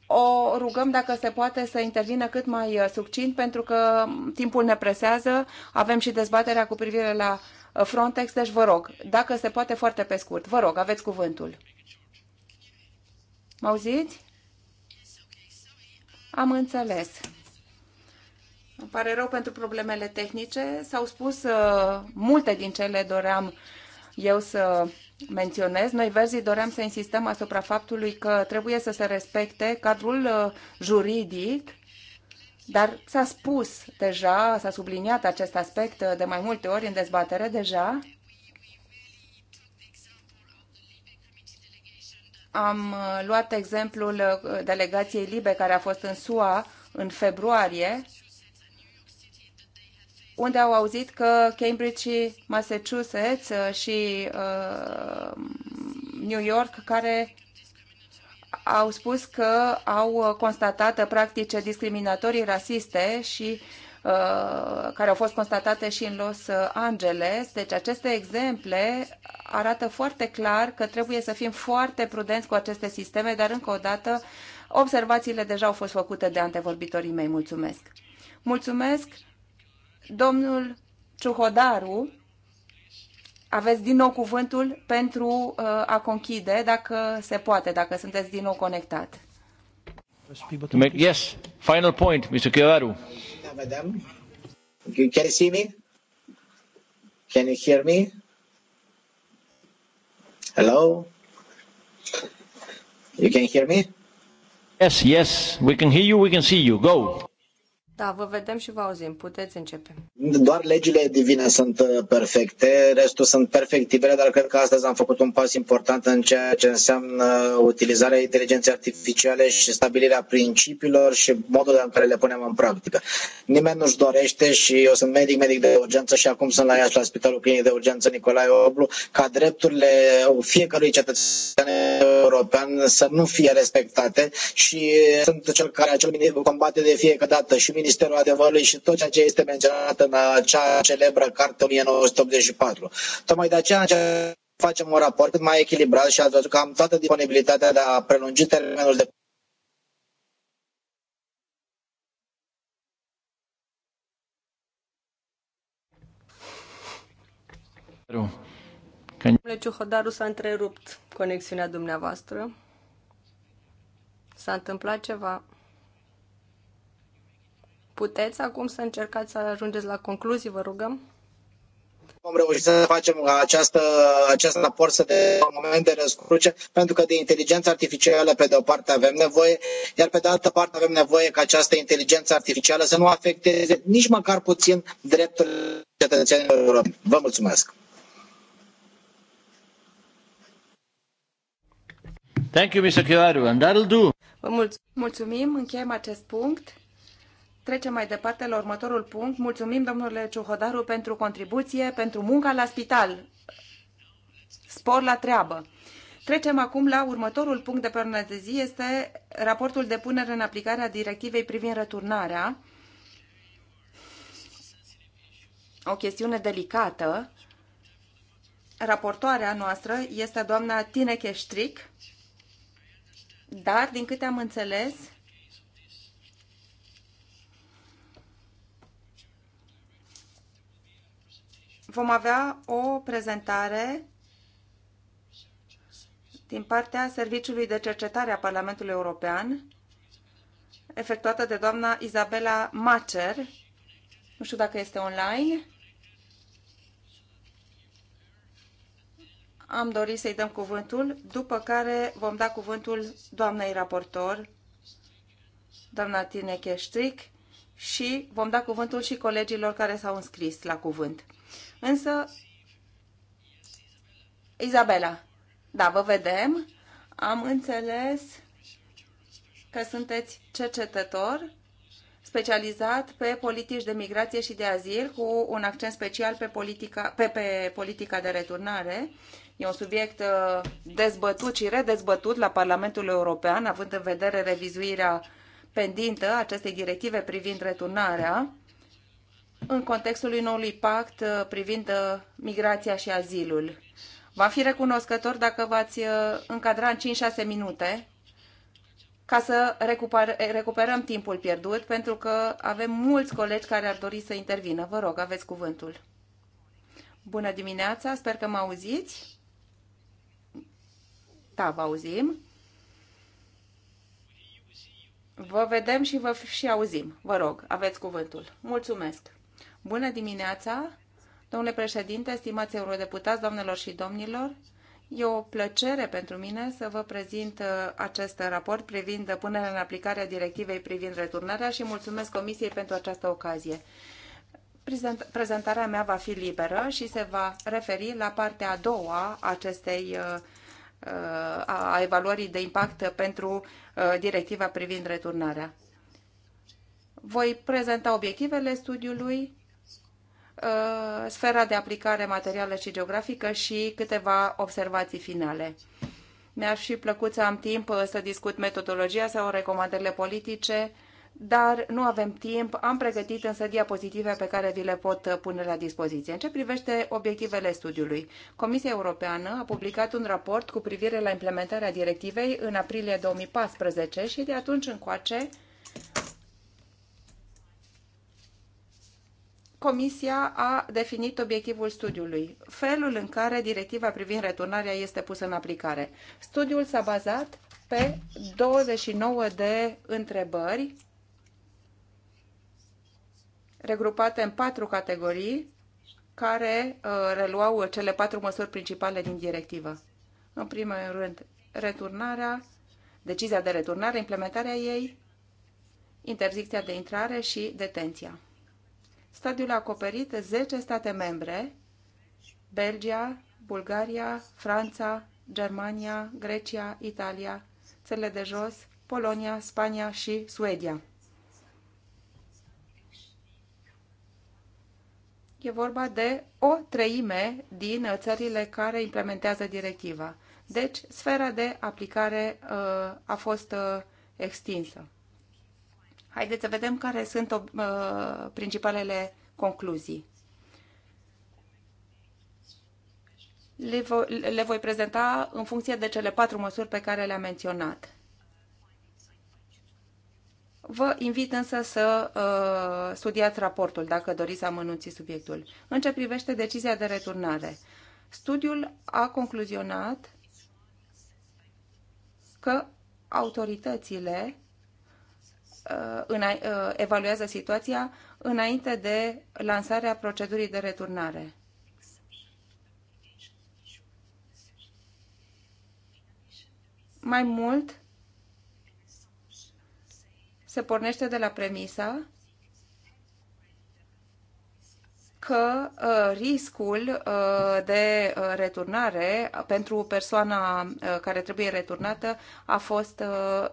o rugăm dacă se poate să intervină cât mai uh, succint, pentru că timpul ne presează, avem și dezbaterea cu privire la uh, Frontex, deci vă rog, dacă se poate foarte pe scurt, vă rog, aveți cuvântul. Mă auziți? Am înțeles. Îmi pare rău pentru problemele tehnice. S-au spus uh, multe din cele doream eu să menționez. Noi, verzii, doream să insistăm asupra faptului că trebuie să se respecte cadrul uh, juridic, dar s-a spus deja, s-a subliniat acest aspect uh, de mai multe ori în dezbatere deja. Am uh, luat exemplul delegației Libe care a fost în SUA în februarie unde au auzit că Cambridge și Massachusetts uh, și uh, New York, care au spus că au constatat practice discriminatorii rasiste și uh, care au fost constatate și în Los Angeles. Deci aceste exemple arată foarte clar că trebuie să fim foarte prudenți cu aceste sisteme, dar încă o dată observațiile deja au fost făcute de antevorbitorii mei. Mulțumesc! Mulțumesc! Domnul Ciuhodaru, aveți din nou cuvântul pentru uh, a conchide, dacă se poate, dacă sunteți din nou conectat. Yes, final point, Mr. Chiaru. Da, Madam, can you see me? Can you hear me? Hello? You can hear me? Yes, yes, we can hear you, we can see you. Go. Da, vă vedem și vă auzim. Puteți începe. Doar legile divine sunt uh, perfecte, restul sunt perfectibile, dar cred că astăzi am făcut un pas important în ceea ce înseamnă utilizarea inteligenței artificiale și stabilirea principiilor și modul în care le punem în practică. Nimeni nu-și dorește și eu sunt medic, medic de urgență și acum sunt la Iași, la Spitalul Clinic de Urgență Nicolae Oblu, ca drepturile fiecărui cetățean european să nu fie respectate și sunt cel care acel combate de fiecare dată și ministrul Ministerul Adevărului și tot ceea ce este menționat în acea celebră carte 1984. Tocmai de aceea facem un raport cât mai echilibrat și ați văzut că am toată disponibilitatea de a prelungi termenul de Domnule Ciuhodaru, s-a întrerupt conexiunea dumneavoastră. S-a întâmplat ceva. Puteți acum să încercați să ajungeți la concluzii, vă rugăm? Vom reuși să facem această, acest raport să de moment de răscruce, pentru că de inteligență artificială, pe de o parte, avem nevoie, iar pe de altă parte avem nevoie ca această inteligență artificială să nu afecteze nici măcar puțin drepturile cetățenilor europeni. Vă mulțumesc! Thank you, Mr. Chiaru, and that'll do. Vă mulțumim, încheiem acest punct. Trecem mai departe la următorul punct. Mulțumim, domnule Ciuhodaru, pentru contribuție, pentru munca la spital. Spor la treabă. Trecem acum la următorul punct de pe ordinea de zi, este raportul de punere în aplicare a directivei privind returnarea. O chestiune delicată. Raportoarea noastră este doamna Tineke Stric, dar, din câte am înțeles, Vom avea o prezentare din partea Serviciului de Cercetare a Parlamentului European, efectuată de doamna Izabela Macer. Nu știu dacă este online. Am dorit să-i dăm cuvântul, după care vom da cuvântul doamnei raportor, doamna Tine Cheștric, și vom da cuvântul și colegilor care s-au înscris la cuvânt. Însă, Izabela, da, vă vedem. Am înțeles că sunteți cercetător specializat pe politici de migrație și de azil, cu un accent special pe politica, pe, pe politica de returnare. E un subiect uh, dezbătut și redezbătut la Parlamentul European, având în vedere revizuirea pendintă acestei directive privind returnarea în contextul noului pact uh, privind uh, migrația și azilul. Va fi recunoscător dacă v-ați uh, încadra în 5-6 minute ca să recuperăm timpul pierdut, pentru că avem mulți colegi care ar dori să intervină. Vă rog, aveți cuvântul. Bună dimineața, sper că mă auziți. Da, vă auzim. Vă vedem și vă și auzim. Vă rog, aveți cuvântul. Mulțumesc. Bună dimineața, domnule președinte, stimați eurodeputați, doamnelor și domnilor. E o plăcere pentru mine să vă prezint uh, acest raport privind punerea în aplicare a directivei privind returnarea și mulțumesc Comisiei pentru această ocazie. Prezentarea mea va fi liberă și se va referi la partea a doua acestei uh, uh, a evaluării de impact pentru directiva privind returnarea. Voi prezenta obiectivele studiului, Uh, sfera de aplicare materială și geografică și câteva observații finale. Mi-ar fi plăcut să am timp uh, să discut metodologia sau recomandările politice, dar nu avem timp. Am pregătit însă diapozitive pe care vi le pot uh, pune la dispoziție. În ce privește obiectivele studiului, Comisia Europeană a publicat un raport cu privire la implementarea directivei în aprilie 2014 și de atunci încoace Comisia a definit obiectivul studiului, felul în care directiva privind returnarea este pusă în aplicare. Studiul s-a bazat pe 29 de întrebări regrupate în patru categorii care uh, reluau cele patru măsuri principale din directivă. În primul rând, returnarea, decizia de returnare, implementarea ei, interzicția de intrare și detenția. Stadiul a acoperit 10 state membre, Belgia, Bulgaria, Franța, Germania, Grecia, Italia, țările de jos, Polonia, Spania și Suedia. E vorba de o treime din țările care implementează directiva. Deci, sfera de aplicare uh, a fost uh, extinsă. Haideți să vedem care sunt uh, principalele concluzii. Le voi, le voi prezenta în funcție de cele patru măsuri pe care le-am menționat. Vă invit însă să uh, studiați raportul, dacă doriți să amănunți subiectul. În ce privește decizia de returnare, studiul a concluzionat că autoritățile Uh, în, uh, evaluează situația înainte de lansarea procedurii de returnare. Mai mult, se pornește de la premisa că uh, riscul uh, de uh, returnare pentru persoana uh, care trebuie returnată a fost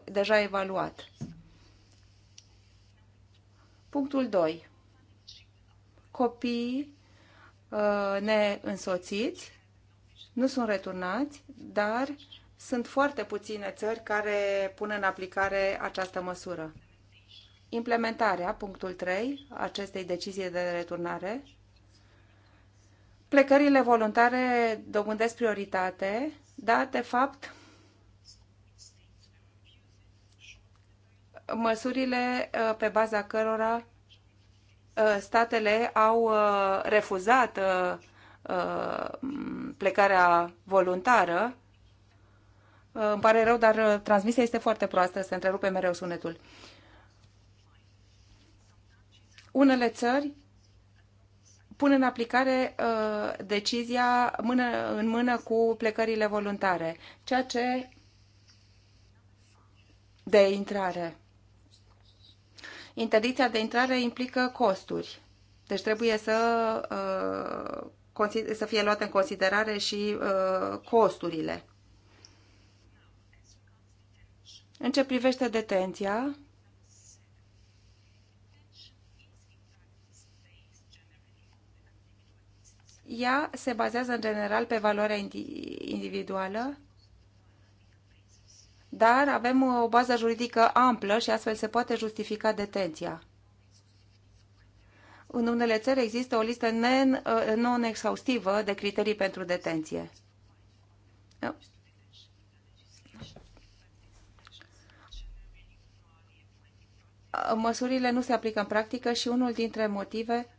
deja evaluat. Punctul 2. Copiii uh, neînsoțiți nu sunt returnați, dar sunt foarte puține țări care pun în aplicare această măsură. Implementarea, punctul 3, acestei decizii de returnare. Plecările voluntare dobândesc prioritate, dar, de fapt, măsurile uh, pe baza cărora uh, statele au uh, refuzat plecarea voluntară. Îmi pare rău, dar transmisia este foarte proastă, se întrerupe mereu sunetul. Unele țări pun în aplicare uh, decizia mână, în mână cu plecările voluntare, ceea ce de intrare interdicția de intrare implică costuri. Deci trebuie să, uh, să fie luate în considerare și uh, costurile. În ce privește detenția, ea se bazează în general pe valoarea individuală dar avem uh, o bază juridică amplă și astfel se poate justifica detenția. În unele țări există o listă uh, non-exhaustivă de criterii pentru detenție. Uh, măsurile nu se aplică în practică și unul dintre motive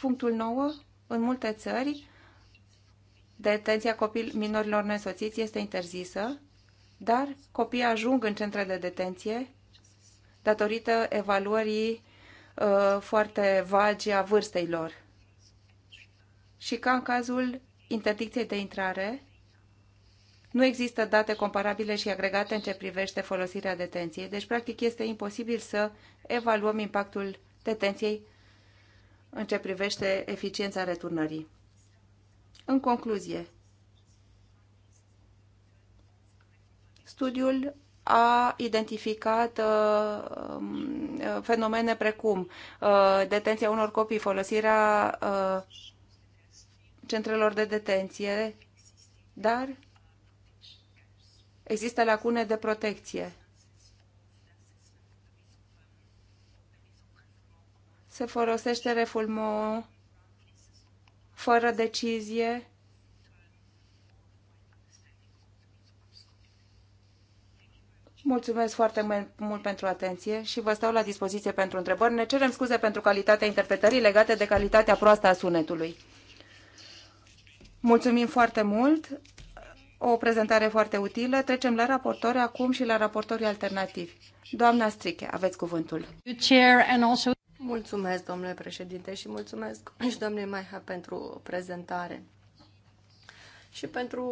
punctul 9 în multe țări detenția copil minorilor nesoțiți este interzisă, dar copiii ajung în centre de detenție datorită evaluării uh, foarte vagi a vârstei lor. Și ca în cazul interdicției de intrare, nu există date comparabile și agregate în ce privește folosirea detenției, deci practic este imposibil să evaluăm impactul detenției în ce privește eficiența returnării. În concluzie, studiul a identificat uh, um, uh, fenomene precum uh, detenția unor copii, folosirea uh, centrelor de detenție, dar există lacune de protecție. Se folosește refulmo fără decizie. Mulțumesc foarte mult pentru atenție și vă stau la dispoziție pentru întrebări. Ne cerem scuze pentru calitatea interpretării legate de calitatea proastă a sunetului. Mulțumim foarte mult. O prezentare foarte utilă. Trecem la raportori acum și la raportorii alternativi. Doamna Striche, aveți cuvântul. Mulțumesc, domnule președinte, și mulțumesc și domnului Maiha pentru prezentare și pentru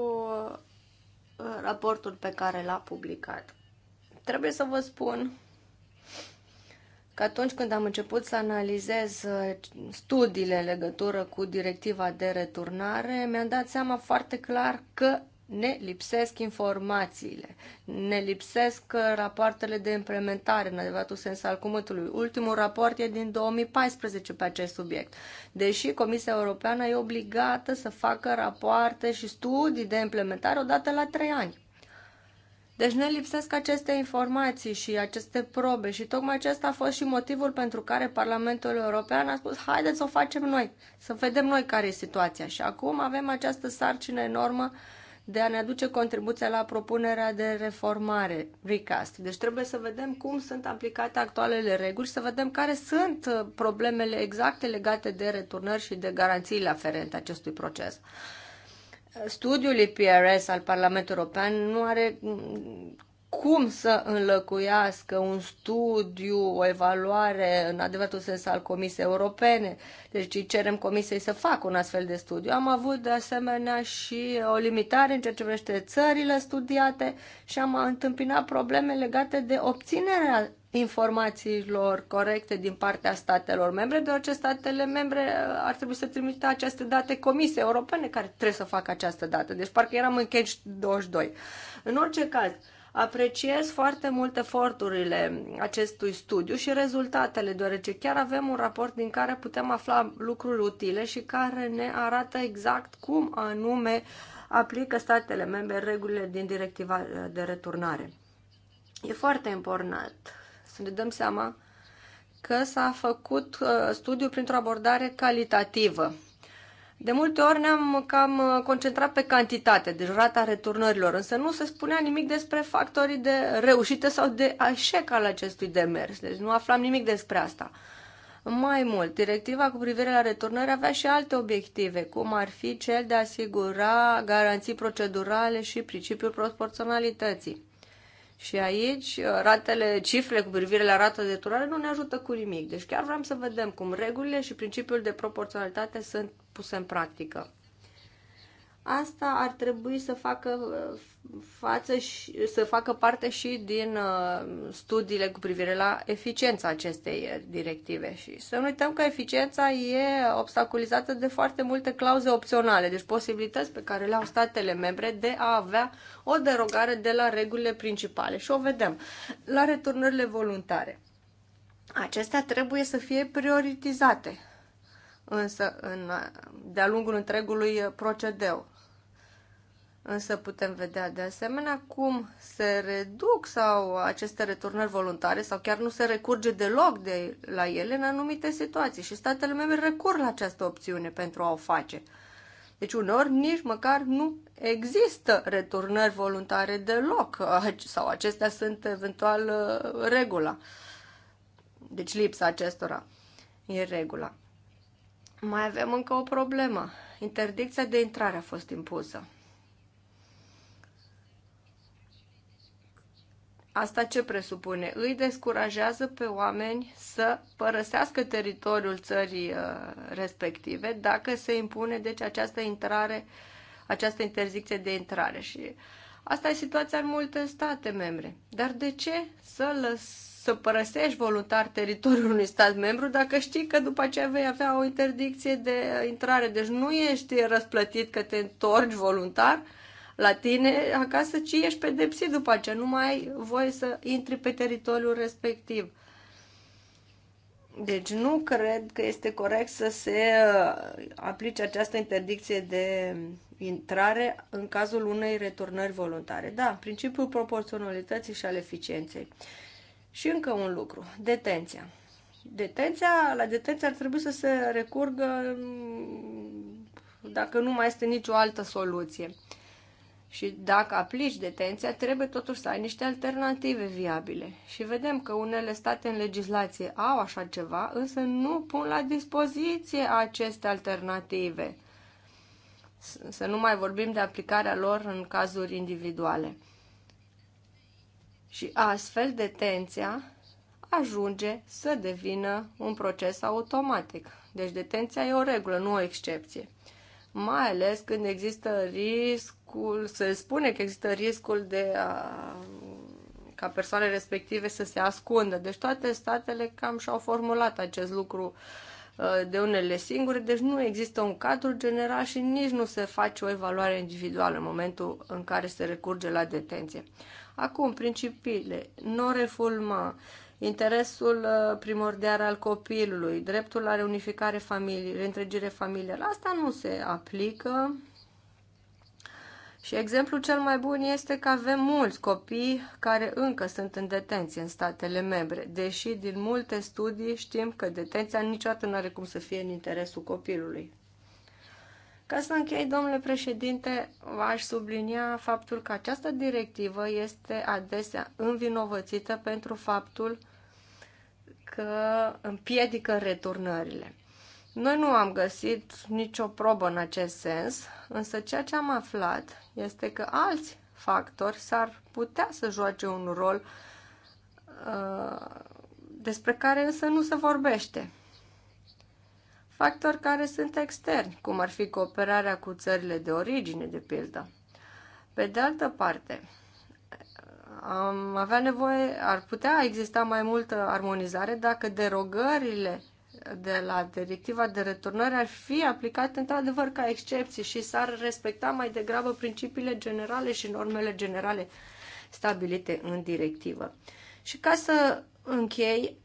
uh, raportul pe care l-a publicat. Trebuie să vă spun că atunci când am început să analizez uh, studiile în legătură cu directiva de returnare, mi-am dat seama foarte clar că ne lipsesc informațiile, ne lipsesc uh, rapoartele de implementare, în adevăratul sens al cuvântului. Ultimul raport e din 2014 pe acest subiect. Deși Comisia Europeană e obligată să facă rapoarte și studii de implementare odată la trei ani. Deci ne lipsesc aceste informații și aceste probe și tocmai acesta a fost și motivul pentru care Parlamentul European a spus haideți să o facem noi, să vedem noi care e situația. Și acum avem această sarcină enormă de a ne aduce contribuția la propunerea de reformare, recast. Deci trebuie să vedem cum sunt aplicate actualele reguli, să vedem care sunt uh, problemele exacte legate de returnări și de garanțiile aferente acestui proces. Studiul IPRS al Parlamentului European nu are mm, cum să înlăcuiască un studiu, o evaluare în adevăratul sens al Comisiei Europene. Deci cerem Comisiei să facă un astfel de studiu. Am avut de asemenea și o limitare în ceea ce privește țările studiate și am întâmpinat probleme legate de obținerea informațiilor corecte din partea statelor membre, deoarece statele membre ar trebui să trimită aceste date Comisiei Europene care trebuie să facă această dată. Deci parcă eram în catch 22. În orice caz, Apreciez foarte mult eforturile acestui studiu și rezultatele, deoarece chiar avem un raport din care putem afla lucruri utile și care ne arată exact cum anume aplică statele membre regulile din directiva de returnare. E foarte important să ne dăm seama că s-a făcut uh, studiu printr-o abordare calitativă de multe ori ne-am cam uh, concentrat pe cantitate, deci rata returnărilor, însă nu se spunea nimic despre factorii de reușită sau de eșec al acestui demers, deci nu aflam nimic despre asta. Mai mult, directiva cu privire la returnări avea și alte obiective, cum ar fi cel de a asigura garanții procedurale și principiul proporționalității. Și aici, uh, ratele, cifrele cu privire la rata de returnare nu ne ajută cu nimic. Deci chiar vrem să vedem cum regulile și principiul de proporționalitate sunt puse în practică. Asta ar trebui să facă, uh, față și, să facă parte și din uh, studiile cu privire la eficiența acestei uh, directive. Și să nu uităm că eficiența e obstaculizată de foarte multe clauze opționale, deci posibilități pe care le au statele membre de a avea o derogare de la regulile principale. Și o vedem la returnările voluntare. Acestea trebuie să fie prioritizate însă în, de-a lungul întregului procedeu. Însă putem vedea de asemenea cum se reduc sau aceste returnări voluntare sau chiar nu se recurge deloc de la ele în anumite situații și statele membre recur la această opțiune pentru a o face. Deci uneori nici măcar nu există returnări voluntare deloc sau acestea sunt eventual uh, regula. Deci lipsa acestora e regula. Mai avem încă o problemă. Interdicția de intrare a fost impusă. Asta ce presupune? Îi descurajează pe oameni să părăsească teritoriul țării uh, respective dacă se impune deci această intrare, această interzicție de intrare. Și asta e situația în multe state membre. Dar de ce să lăsăm să părăsești voluntar teritoriul unui stat membru dacă știi că după aceea vei avea o interdicție de intrare. Deci nu ești răsplătit că te întorci voluntar la tine acasă, ci ești pedepsit după aceea. Nu mai ai voie să intri pe teritoriul respectiv. Deci nu cred că este corect să se uh, aplice această interdicție de intrare în cazul unei returnări voluntare. Da, principiul proporționalității și al eficienței. Și încă un lucru, detenția. Detenția, la detenția ar trebui să se recurgă mm, dacă nu mai este nicio altă soluție. Și dacă aplici detenția, trebuie totuși să ai niște alternative viabile. Și vedem că unele state în legislație au așa ceva, însă nu pun la dispoziție aceste alternative. Să nu mai vorbim de aplicarea lor în cazuri individuale. Și astfel detenția ajunge să devină un proces automatic. Deci detenția e o regulă, nu o excepție. Mai ales când există riscul, se spune că există riscul de a, ca persoanele respective să se ascundă. Deci toate statele cam și-au formulat acest lucru ă, de unele singure, deci nu există un cadru general și nici nu se face o evaluare individuală în momentul în care se recurge la detenție. Acum, principiile, non-refulma, interesul uh, primordial al copilului, dreptul la reunificare familiei, reîntregire familială, asta nu se aplică. Și exemplul cel mai bun este că avem mulți copii care încă sunt în detenție în statele membre, deși din multe studii știm că detenția niciodată nu are cum să fie în interesul copilului. Ca să închei, domnule președinte, aș sublinia faptul că această directivă este adesea învinovățită pentru faptul că împiedică returnările. Noi nu am găsit nicio probă în acest sens, însă ceea ce am aflat este că alți factori s-ar putea să joace un rol uh, despre care însă nu se vorbește factori care sunt externi, cum ar fi cooperarea cu țările de origine, de pildă. Pe de altă parte, am avea nevoie, ar putea exista mai multă armonizare dacă derogările de la directiva de returnare ar fi aplicate într-adevăr ca excepții și s-ar respecta mai degrabă principiile generale și normele generale stabilite în directivă. Și ca să închei,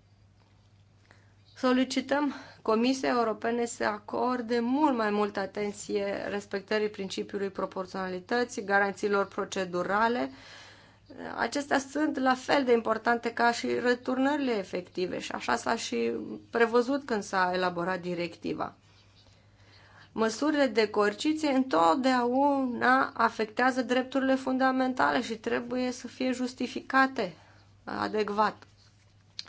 solicităm Comisia Europene să acorde mult mai multă atenție respectării principiului proporționalității, garanțiilor procedurale. Acestea sunt la fel de importante ca și returnările efective și așa s-a și prevăzut când s-a elaborat directiva. Măsurile de coerciție întotdeauna afectează drepturile fundamentale și trebuie să fie justificate adecvat.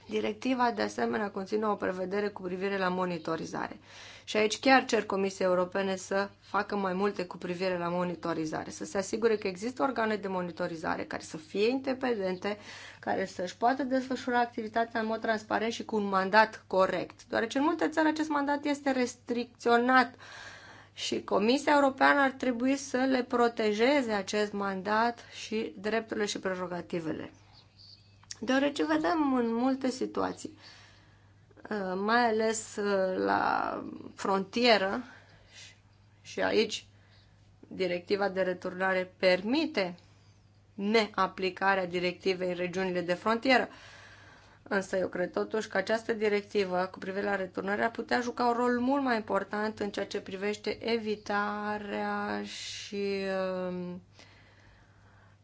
Directiva, de asemenea, conține o prevedere cu privire la monitorizare. Și aici chiar cer Comisiei Europene să facă mai multe cu privire la monitorizare, să se asigure că există organe de monitorizare care să fie independente, care să-și poată desfășura activitatea în mod transparent și cu un mandat corect. Deoarece în multe țări acest mandat este restricționat și Comisia Europeană ar trebui să le protejeze acest mandat și drepturile și prerogativele Deoarece vedem în multe situații, uh, mai ales uh, la frontieră, și aici directiva de returnare permite neaplicarea directivei în regiunile de frontieră. Însă eu cred totuși că această directivă cu privire la returnare ar putea juca un rol mult mai important în ceea ce privește evitarea și uh,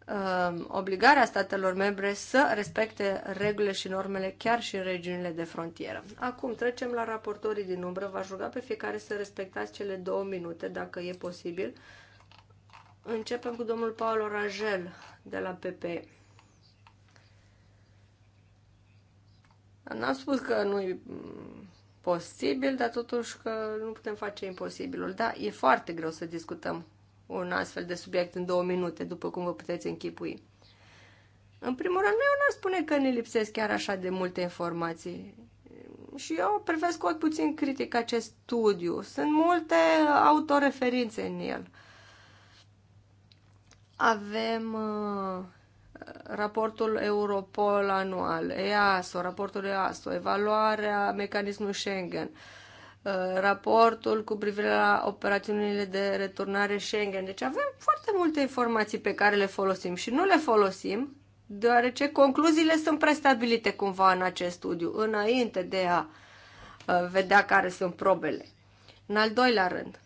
Um, obligarea statelor membre să respecte regulile și normele chiar și în regiunile de frontieră. Acum trecem la raportorii din umbră. V-aș ruga pe fiecare să respectați cele două minute, dacă e posibil. Începem cu domnul Paul Orangel de la PP. N-am spus că nu e posibil, dar totuși că nu putem face imposibilul. Da, e foarte greu să discutăm un astfel de subiect în două minute, după cum vă puteți închipui. În primul rând, eu nu aș spune că ne lipsesc chiar așa de multe informații. Și eu privesc cu puțin critic acest studiu. Sunt multe autoreferințe în el. Avem uh, raportul Europol anual, EASO, raportul EASO, evaluarea mecanismului Schengen, uh, Uh, raportul cu privire la operațiunile de returnare Schengen. Deci avem foarte multe informații pe care le folosim și nu le folosim deoarece concluziile sunt prestabilite cumva în acest studiu, înainte de a uh, vedea care sunt probele. În al doilea rând,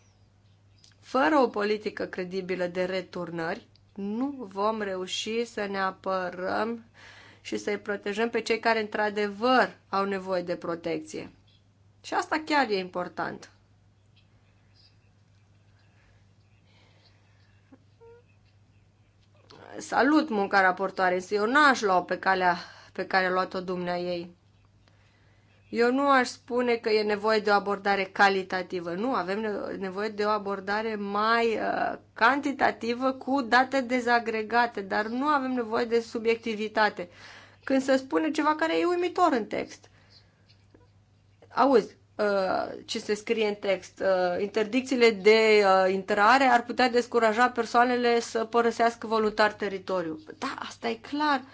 fără o politică credibilă de returnări, nu vom reuși să ne apărăm și să-i protejăm pe cei care într-adevăr au nevoie de protecție. Și asta chiar e important. Salut munca raportoare, să eu n-aș lua pe calea pe care a luat-o dumnea ei. Eu nu aș spune că e nevoie de o abordare calitativă. Nu, avem nevoie de o abordare mai uh, cantitativă cu date dezagregate, dar nu avem nevoie de subiectivitate. Când se spune ceva care e uimitor în text auzi, uh, ce se scrie în text. Uh, interdicțiile de uh, intrare ar putea descuraja persoanele să părăsească voluntar teritoriul. Da, asta e clar.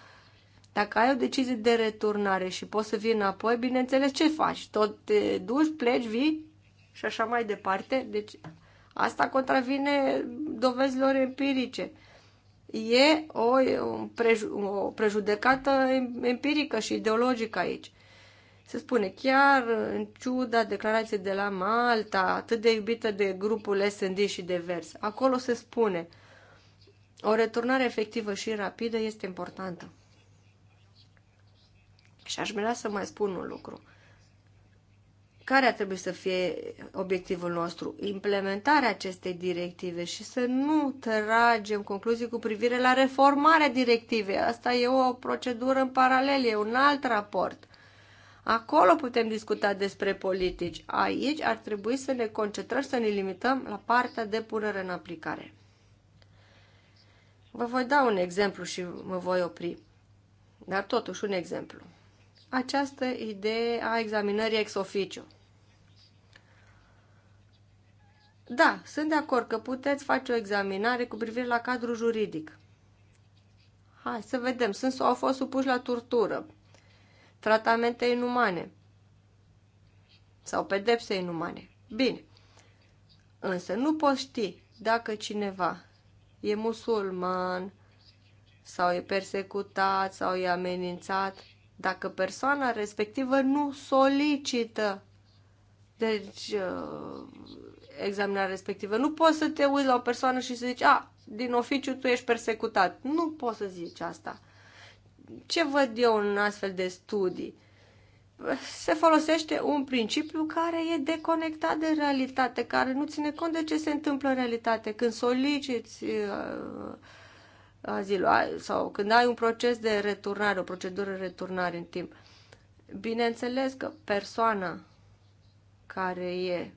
Dacă ai o decizie de returnare și poți să vii înapoi, bineînțeles ce faci? Tot te duci, pleci, vii și așa mai departe. Deci asta contravine dovezilor empirice. E o, o, preju- o prejudecată empirică și ideologică aici. Se spune chiar în ciuda declarației de la Malta, atât de iubită de grupul S&D și de Vers. Acolo se spune o returnare efectivă și rapidă este importantă. Și aș vrea să mai spun un lucru. Care ar trebui să fie obiectivul nostru? Implementarea acestei directive și să nu tragem concluzii cu privire la reformarea directivei. Asta e o procedură în paralel, e un alt raport. Acolo putem discuta despre politici. Aici ar trebui să ne concentrăm, să ne limităm la partea de punere în aplicare. Vă voi da un exemplu și mă voi opri. Dar totuși un exemplu. Această idee a examinării ex officio. Da, sunt de acord că puteți face o examinare cu privire la cadrul juridic. Hai să vedem, sunt sau au fost supuși la tortură, tratamente inumane sau pedepse inumane. Bine. Însă nu poți ști dacă cineva e musulman sau e persecutat sau e amenințat, dacă persoana respectivă nu solicită deci, uh, examinarea respectivă. Nu poți să te uiți la o persoană și să zici, a, din oficiu tu ești persecutat. Nu poți să zici asta ce văd eu în astfel de studii? Se folosește un principiu care e deconectat de realitate, care nu ține cont de ce se întâmplă în realitate. Când soliciți uh, azilul sau când ai un proces de returnare, o procedură de returnare în timp, bineînțeles că persoana care e,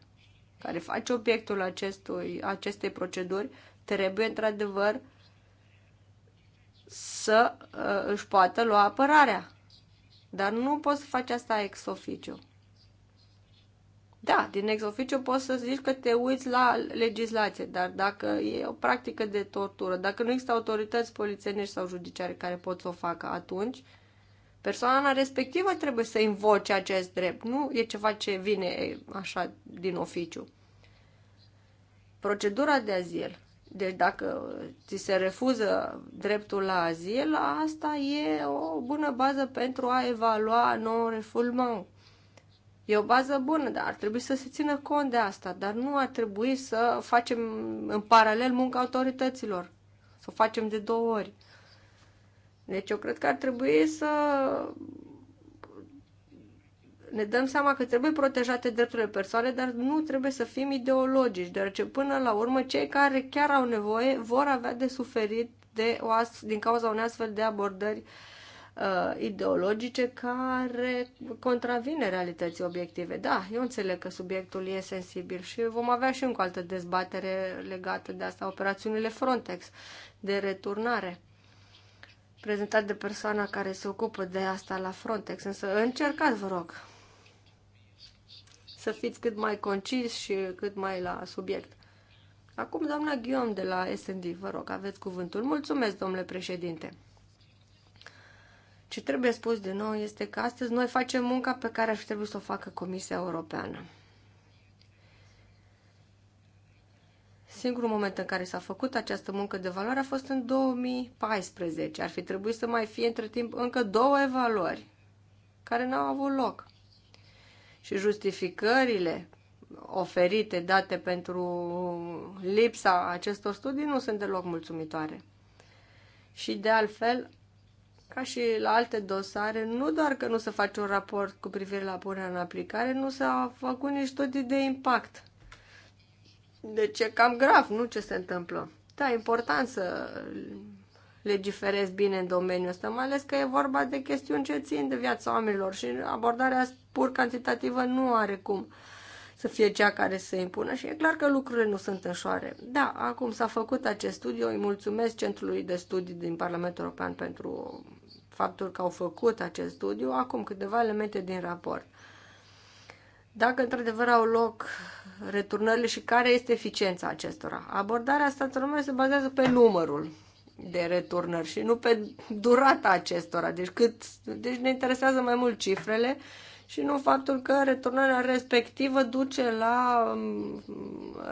care face obiectul acestui, acestei proceduri, trebuie într-adevăr uh, să uh, își poată lua apărarea. Dar nu poți să faci asta ex officiu. Da, din ex officiu poți să zici că te uiți la legislație, dar dacă e o practică de tortură, dacă nu există autorități polițienești sau judiciare care pot să o facă atunci, persoana respectivă trebuie să invoce acest drept. Nu e ceva ce vine așa din oficiu. Procedura de azil deci dacă ți se refuză dreptul la azil, asta e o bună bază pentru a evalua nou refulmant. E o bază bună, dar ar trebui să se țină cont de asta, dar nu ar trebui să facem în paralel munca autorităților, să o facem de două ori. Deci eu cred că ar trebui să ne dăm seama că trebuie protejate drepturile persoane, dar nu trebuie să fim ideologici, deoarece până la urmă cei care chiar au nevoie vor avea de suferit de o ast- din cauza unei astfel de abordări uh, ideologice care contravine realității obiective. Da, eu înțeleg că subiectul e sensibil și vom avea și încă o altă dezbatere legată de asta, operațiunile Frontex de returnare prezentat de persoana care se ocupă de asta la Frontex, însă încercați, vă rog, să fiți cât mai concis și cât mai la subiect. Acum, doamna Ghiom de la SND, vă rog, aveți cuvântul. Mulțumesc, domnule președinte. Ce trebuie spus de nou este că astăzi noi facem munca pe care ar fi trebuit să o facă Comisia Europeană. Singurul moment în care s-a făcut această muncă de valoare a fost în 2014. Ar fi trebuit să mai fie între timp încă două evaluări care n-au avut loc și justificările oferite, date pentru lipsa acestor studii, nu sunt deloc mulțumitoare. Și de altfel, ca și la alte dosare, nu doar că nu se face un raport cu privire la punerea în aplicare, nu s-a făcut nici studii de impact. Deci e cam grav, nu ce se întâmplă. Da, e important să legiferez bine în domeniul ăsta, mai ales că e vorba de chestiuni ce țin de viața oamenilor și abordarea pur cantitativă nu are cum să fie cea care se impună și e clar că lucrurile nu sunt înșoare. Da, acum s-a făcut acest studiu, îi mulțumesc Centrului de Studii din Parlamentul European pentru faptul că au făcut acest studiu, acum câteva elemente din raport. Dacă într-adevăr au loc returnările și care este eficiența acestora? Abordarea statelor se bazează pe numărul de returnări și nu pe durata acestora. Deci, cât, deci ne interesează mai mult cifrele și nu faptul că returnarea respectivă duce la um,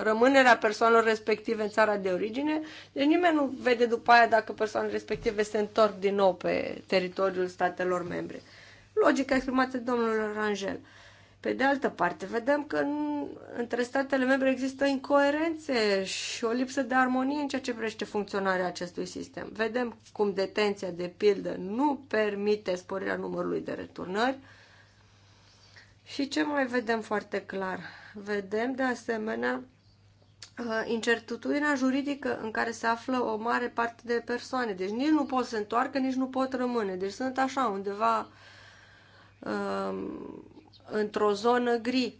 rămânerea persoanelor respective în țara de origine. Deci nimeni nu vede după aia dacă persoanele respective se întorc din nou pe teritoriul statelor membre. Logica exprimată de domnul Rangel. Pe de altă parte, vedem că în, între statele membre există incoerențe și o lipsă de armonie în ceea ce privește funcționarea acestui sistem. Vedem cum detenția, de pildă, nu permite sporirea numărului de returnări. Și ce mai vedem foarte clar? Vedem, de asemenea, uh, incertitudinea juridică în care se află o mare parte de persoane. Deci nici nu pot să întoarcă, nici nu pot rămâne. Deci sunt așa, undeva... Uh, într-o zonă gri.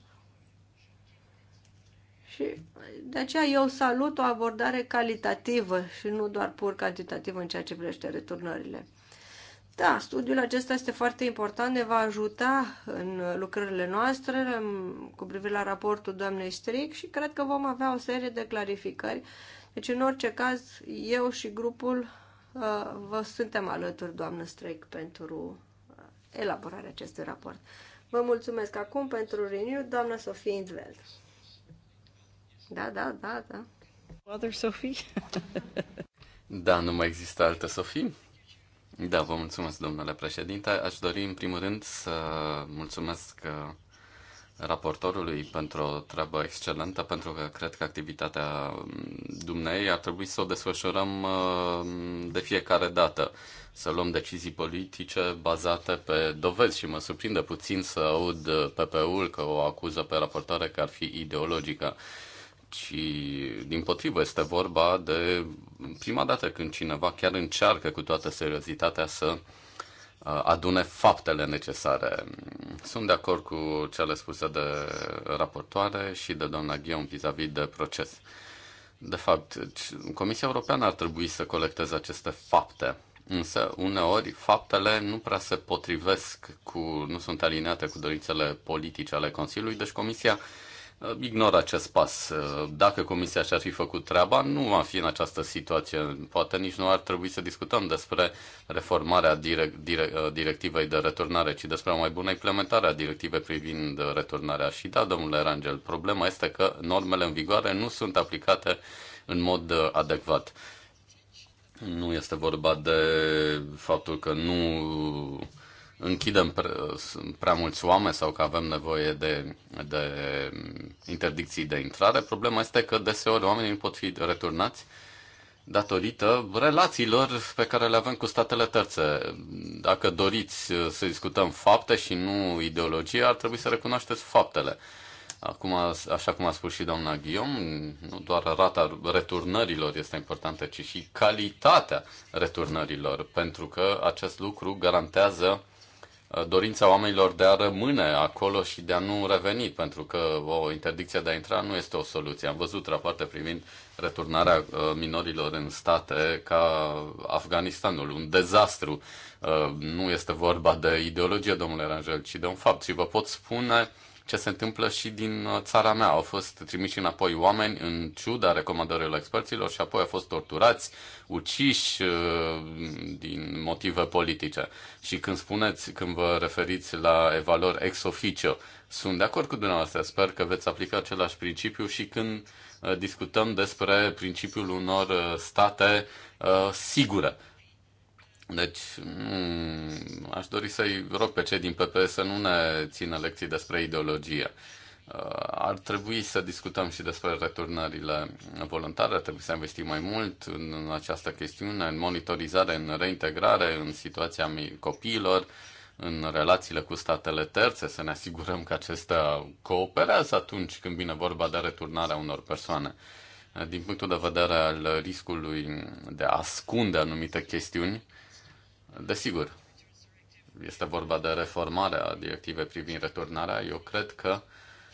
Și de aceea eu salut o abordare calitativă și nu doar pur cantitativă în ceea ce privește returnările. Da, studiul acesta este foarte important, ne va ajuta în lucrările noastre cu privire la raportul doamnei Stric și cred că vom avea o serie de clarificări. Deci, în orice caz, eu și grupul uh, vă suntem alături, doamnă Stric, pentru uh, elaborarea acestui raport. Vă mulțumesc acum pentru Renew, doamna Sofie Indveld. Da, da, da, da. Mother Sophie? da, nu mai există altă Sofie. Da, vă mulțumesc, domnule președinte. Aș dori, în primul rând, să mulțumesc uh, raportorului pentru o treabă excelentă, pentru că cred că activitatea mm, dumnei ar trebui să o desfășurăm uh, de fiecare dată să luăm decizii politice bazate pe dovezi și mă surprinde puțin să aud PP-ul că o acuză pe raportare că ar fi ideologică ci din potrivă este vorba de prima dată când cineva chiar încearcă cu toată seriozitatea să uh, adune faptele necesare. Sunt de acord cu cele spuse de raportoare și de doamna Ghion vis-a-vis de proces. De fapt, Comisia Europeană ar trebui să colecteze aceste fapte Însă, uneori, faptele nu prea se potrivesc cu, nu sunt alineate cu dorințele politice ale Consiliului, deci Comisia uh, ignoră acest pas. Uh, dacă Comisia și-ar fi făcut treaba, nu va fi în această situație. Poate nici nu ar trebui să discutăm despre reformarea direct, direct, uh, directivei de returnare, ci despre o mai bună implementare a directivei privind returnarea. Și da, domnule Rangel, problema este că normele în vigoare nu sunt aplicate în mod adecvat. Nu este vorba de faptul că nu închidem prea mulți oameni sau că avem nevoie de, de interdicții de intrare. Problema este că deseori oamenii pot fi returnați datorită relațiilor pe care le avem cu statele terțe. Dacă doriți să discutăm fapte și nu ideologie, ar trebui să recunoașteți faptele. Acum, așa cum a spus și doamna Ghiom, nu doar rata returnărilor este importantă, ci și calitatea returnărilor, pentru că acest lucru garantează uh, dorința oamenilor de a rămâne acolo și de a nu reveni, pentru că o interdicție de a intra nu este o soluție. Am văzut rapoarte privind returnarea uh, minorilor în state ca Afganistanul, un dezastru. Uh, nu este vorba de ideologie, domnule Rangel, ci de un fapt. Și vă pot spune ce se întâmplă și din uh, țara mea. Au fost trimiși înapoi oameni în ciuda recomandărilor experților și apoi au fost torturați, uciși uh, din motive politice. Și când spuneți, când vă referiți la evaluări ex officio, sunt de acord cu dumneavoastră. Sper că veți aplica același principiu și când uh, discutăm despre principiul unor state sigure deci, mm, aș dori să-i rog pe cei din PP să nu ne țină lecții despre ideologie. Uh, ar trebui să discutăm și despre returnările voluntare, ar trebui să investim mai mult în această chestiune, în monitorizare, în reintegrare, în situația copiilor, în relațiile cu statele terțe, să ne asigurăm că acestea cooperează atunci când vine vorba de returnarea unor persoane. Din punctul de vedere al riscului de a ascunde anumite chestiuni, Desigur, este vorba de reformarea directivei privind returnarea. Eu cred că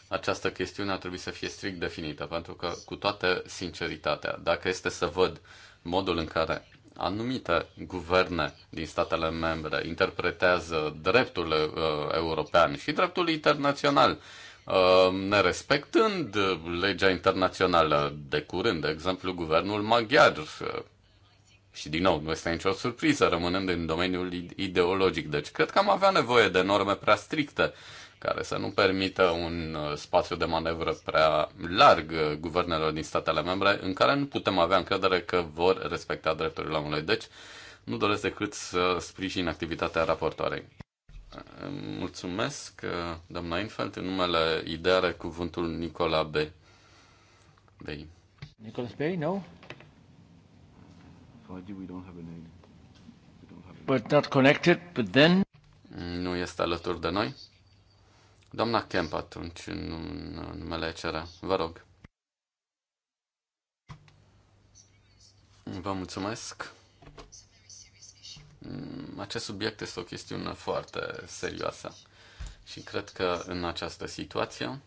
această chestiune ar trebui să fie strict definită, pentru că, cu toată sinceritatea, dacă este să văd modul în care anumite guverne din statele membre interpretează dreptul uh, european și dreptul internațional, uh, nerespectând legea internațională. De curând, de exemplu, guvernul maghiar uh, și din nou, nu este nicio surpriză, rămânând în domeniul ideologic. Deci cred că am avea nevoie de norme prea stricte care să nu permită un uh, spațiu de manevră prea larg uh, guvernelor din statele membre, în care nu putem avea încredere că vor respecta drepturile omului. Deci, nu doresc decât să sprijin activitatea raportoarei. Uh, mulțumesc, doamna Infant, În numele ideare cuvântul Nicola B. Bei. Nicola Bei, nu? No? we don't have We don't have not connected, but then... Nu este alături de noi. Doamna Kemp atunci în numele cerea. Vă rog. Vă mulțumesc. Mm, acest subiect este o chestiune foarte serioasă și cred că în această situație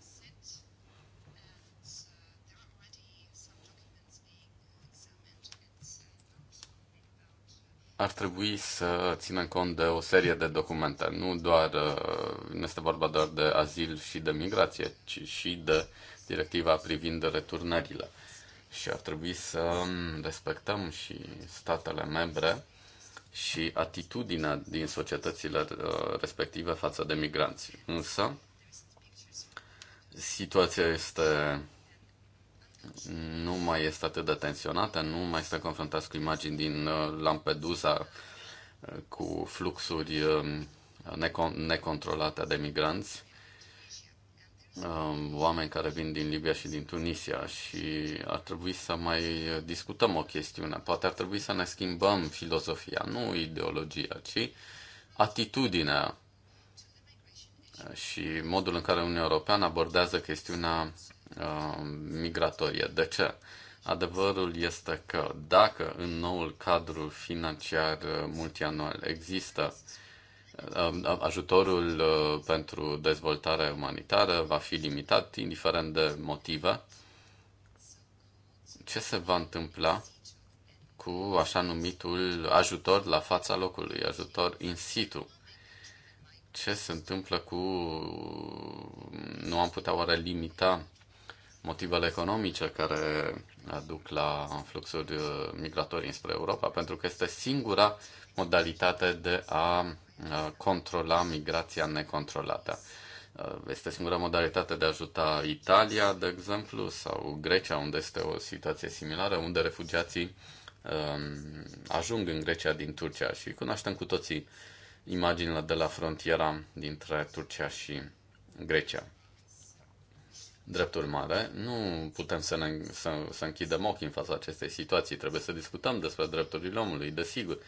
ar trebui să ținem cont de o serie de documente. Nu doar, uh, nu este vorba doar de azil și de migrație, ci și de directiva privind returnările. Și ar trebui să um, respectăm și statele membre și atitudinea din societățile uh, respective față de migranți. Însă, situația este nu mai este atât de tensionată, nu mai este confruntați cu imagini din uh, Lampedusa, uh, cu fluxuri um, necontrolate de migranți, um, oameni care vin din Libia și din Tunisia și ar trebui să mai discutăm o chestiune. Poate ar trebui să ne schimbăm filozofia, nu ideologia, ci atitudinea și modul în care Uniunea Europeană abordează chestiunea Uh, migratorie. De ce? Adevărul este că dacă în noul cadru financiar multianual există uh, ajutorul uh, pentru dezvoltare umanitară va fi limitat, indiferent de motive. Ce se va întâmpla cu așa numitul ajutor la fața locului, ajutor in situ? Ce se întâmplă cu... Nu am putea oare limita motivele economice care duc la fluxuri uh, migratorii spre Europa, pentru că este singura modalitate de a uh, controla migrația necontrolată. Uh, este singura modalitate de a ajuta Italia, de exemplu, sau Grecia, unde este o situație similară, unde refugiații um, ajung în Grecia din Turcia și cunoaștem cu toții imaginile de la frontiera dintre Turcia și Grecia. Drept urmare, nu putem să, ne, să, să închidem ochii în fața acestei situații. Trebuie să discutăm despre drepturile omului, desigur.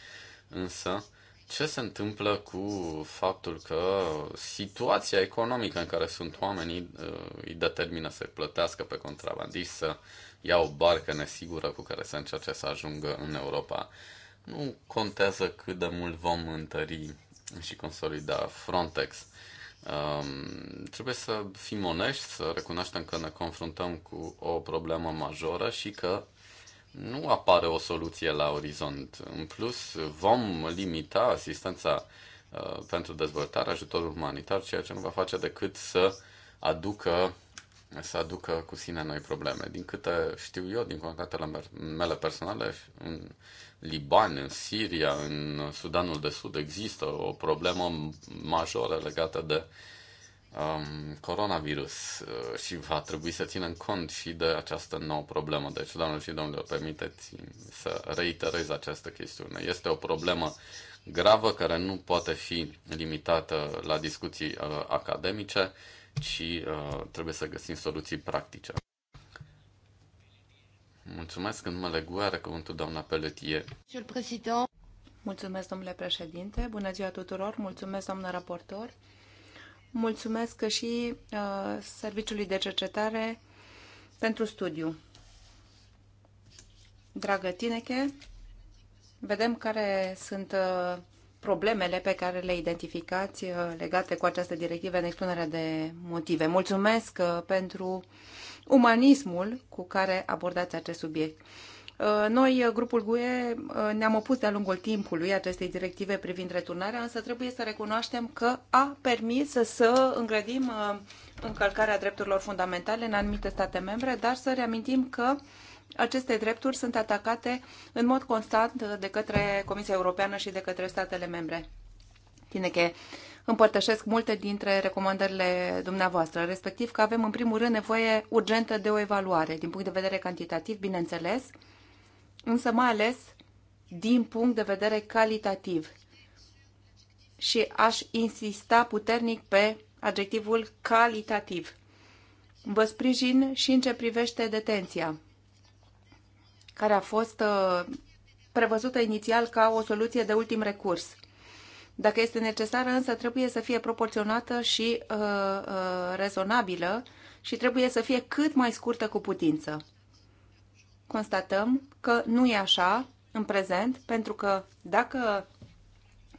Însă, ce se întâmplă cu faptul că situația economică în care sunt oamenii uh, îi determină să plătească pe contrabandiști, să ia o barcă nesigură cu care să încerce să ajungă în Europa? Nu contează cât de mult vom întări și consolida Frontex Um, trebuie să fim onești, să recunoaștem că ne confruntăm cu o problemă majoră și că nu apare o soluție la orizont. În plus, vom limita asistența uh, pentru dezvoltare, ajutorul umanitar, ceea ce nu va face decât să aducă să aducă cu sine noi probleme. Din câte știu eu, din contactele mele personale, în Liban, în Siria, în Sudanul de Sud există o problemă majoră legată de um, coronavirus uh, și va trebui să ținem cont și de această nouă problemă. Deci, doamnelor și domnilor, permiteți să reiterez această chestiune. Este o problemă gravă care nu poate fi limitată la discuții uh, academice, ci uh, trebuie să găsim soluții practice. Mulțumesc în numele Guare, cuvântul doamna Pelletier. Mulțumesc, domnule președinte. Bună ziua tuturor. Mulțumesc, doamnă raportor. Mulțumesc și uh, Serviciului de Cercetare pentru studiu. Dragă Tineche, vedem care sunt uh, problemele pe care le identificați uh, legate cu această directivă în expunerea de motive. Mulțumesc uh, pentru umanismul cu care abordați acest subiect. Uh, noi, uh, grupul GUE, uh, ne-am opus de-a lungul timpului acestei directive privind returnarea, însă trebuie să recunoaștem că a permis să îngrădim încălcarea drepturilor fundamentale în anumite state membre, dar să reamintim că aceste drepturi sunt atacate în mod constant de către Comisia Europeană și de către statele membre. Tine că împărtășesc multe dintre recomandările dumneavoastră, respectiv că avem în primul rând nevoie urgentă de o evaluare, din punct de vedere cantitativ, bineînțeles, însă mai ales din punct de vedere calitativ. Și aș insista puternic pe adjectivul calitativ. Vă sprijin și în ce privește detenția, care a fost uh, prevăzută inițial ca o soluție de ultim recurs. Dacă este necesară, însă trebuie să fie proporționată și uh, uh, rezonabilă și trebuie să fie cât mai scurtă cu putință. Constatăm că nu e așa în prezent, pentru că dacă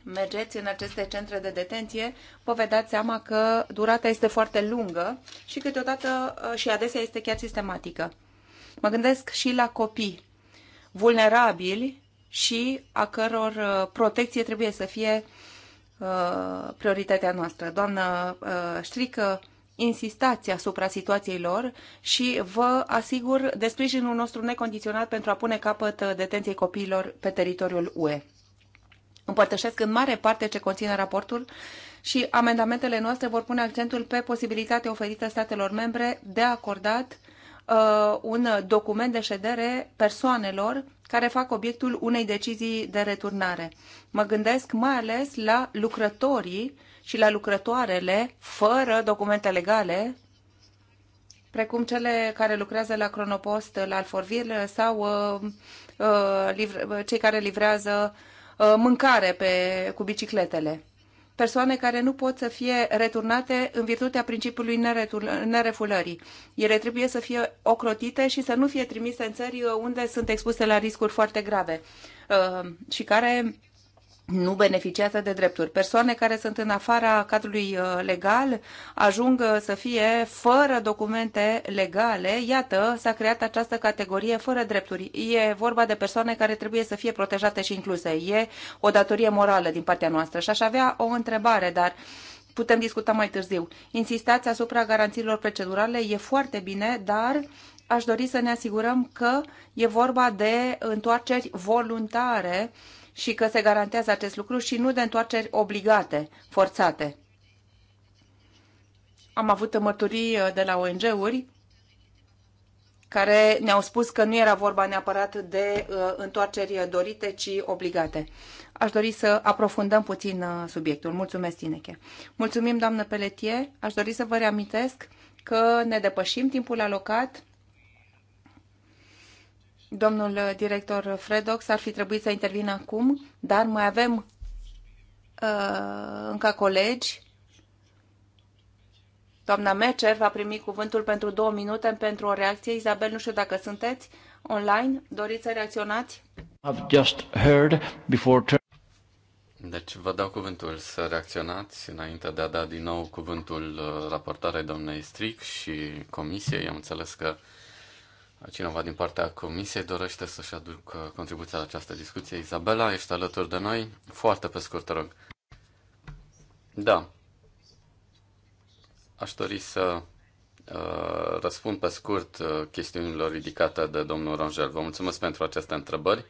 mergeți în aceste centre de detenție, vă vei da seama că durata este foarte lungă și câteodată uh, și adesea este chiar sistematică. Mă gândesc și la copii vulnerabili și a căror uh, protecție trebuie să fie uh, prioritatea noastră. Doamnă Strică, uh, insistați asupra situației lor și vă asigur de sprijinul nostru necondiționat pentru a pune capăt detenției copiilor pe teritoriul UE. Împărtășesc în mare parte ce conține raportul și amendamentele noastre vor pune accentul pe posibilitatea oferită statelor membre de acordat uh, un document de ședere persoanelor care fac obiectul unei decizii de returnare. Mă gândesc mai ales la lucrătorii și la lucrătoarele fără documente legale, precum cele care lucrează la Cronopost, la Alforvil sau uh, uh, cei care livrează uh, mâncare pe, cu bicicletele persoane care nu pot să fie returnate în virtutea principiului nerefulării. Ele trebuie să fie ocrotite și să nu fie trimise în țări unde sunt expuse la riscuri foarte grave uh, și care nu beneficiază de drepturi. Persoane care sunt în afara cadrului uh, legal ajung uh, să fie fără documente legale. Iată, s-a creat această categorie fără drepturi. E vorba de persoane care trebuie să fie protejate și incluse. E o datorie morală din partea noastră. Și aș avea o întrebare, dar putem discuta mai târziu. Insistați asupra garanțiilor procedurale, e foarte bine, dar aș dori să ne asigurăm că e vorba de întoarceri voluntare și că se garantează acest lucru și nu de întoarceri obligate, forțate. Am avut mărturii uh, de la ONG-uri care ne-au spus că nu era vorba neapărat de uh, întoarceri dorite, ci obligate. Aș dori să aprofundăm puțin uh, subiectul. Mulțumesc, Tineche. Mulțumim, doamnă Peletie. Aș dori să vă reamintesc că ne depășim timpul alocat Domnul director Fredox ar fi trebuit să intervină acum, dar mai avem uh, încă colegi. Doamna Mecer va primi cuvântul pentru două minute pentru o reacție. Isabel, nu știu dacă sunteți online. Doriți să reacționați? I've just heard before deci vă dau cuvântul să reacționați înainte de a da din nou cuvântul uh, raportarei doamnei Stric și comisiei. Am înțeles că Cineva din partea comisiei dorește să-și aducă contribuția la această discuție. Izabela, ești alături de noi? Foarte pe scurt, te rog. Da. Aș dori să uh, răspund pe scurt uh, chestiunilor ridicate de domnul Rangel. Vă mulțumesc pentru aceste întrebări.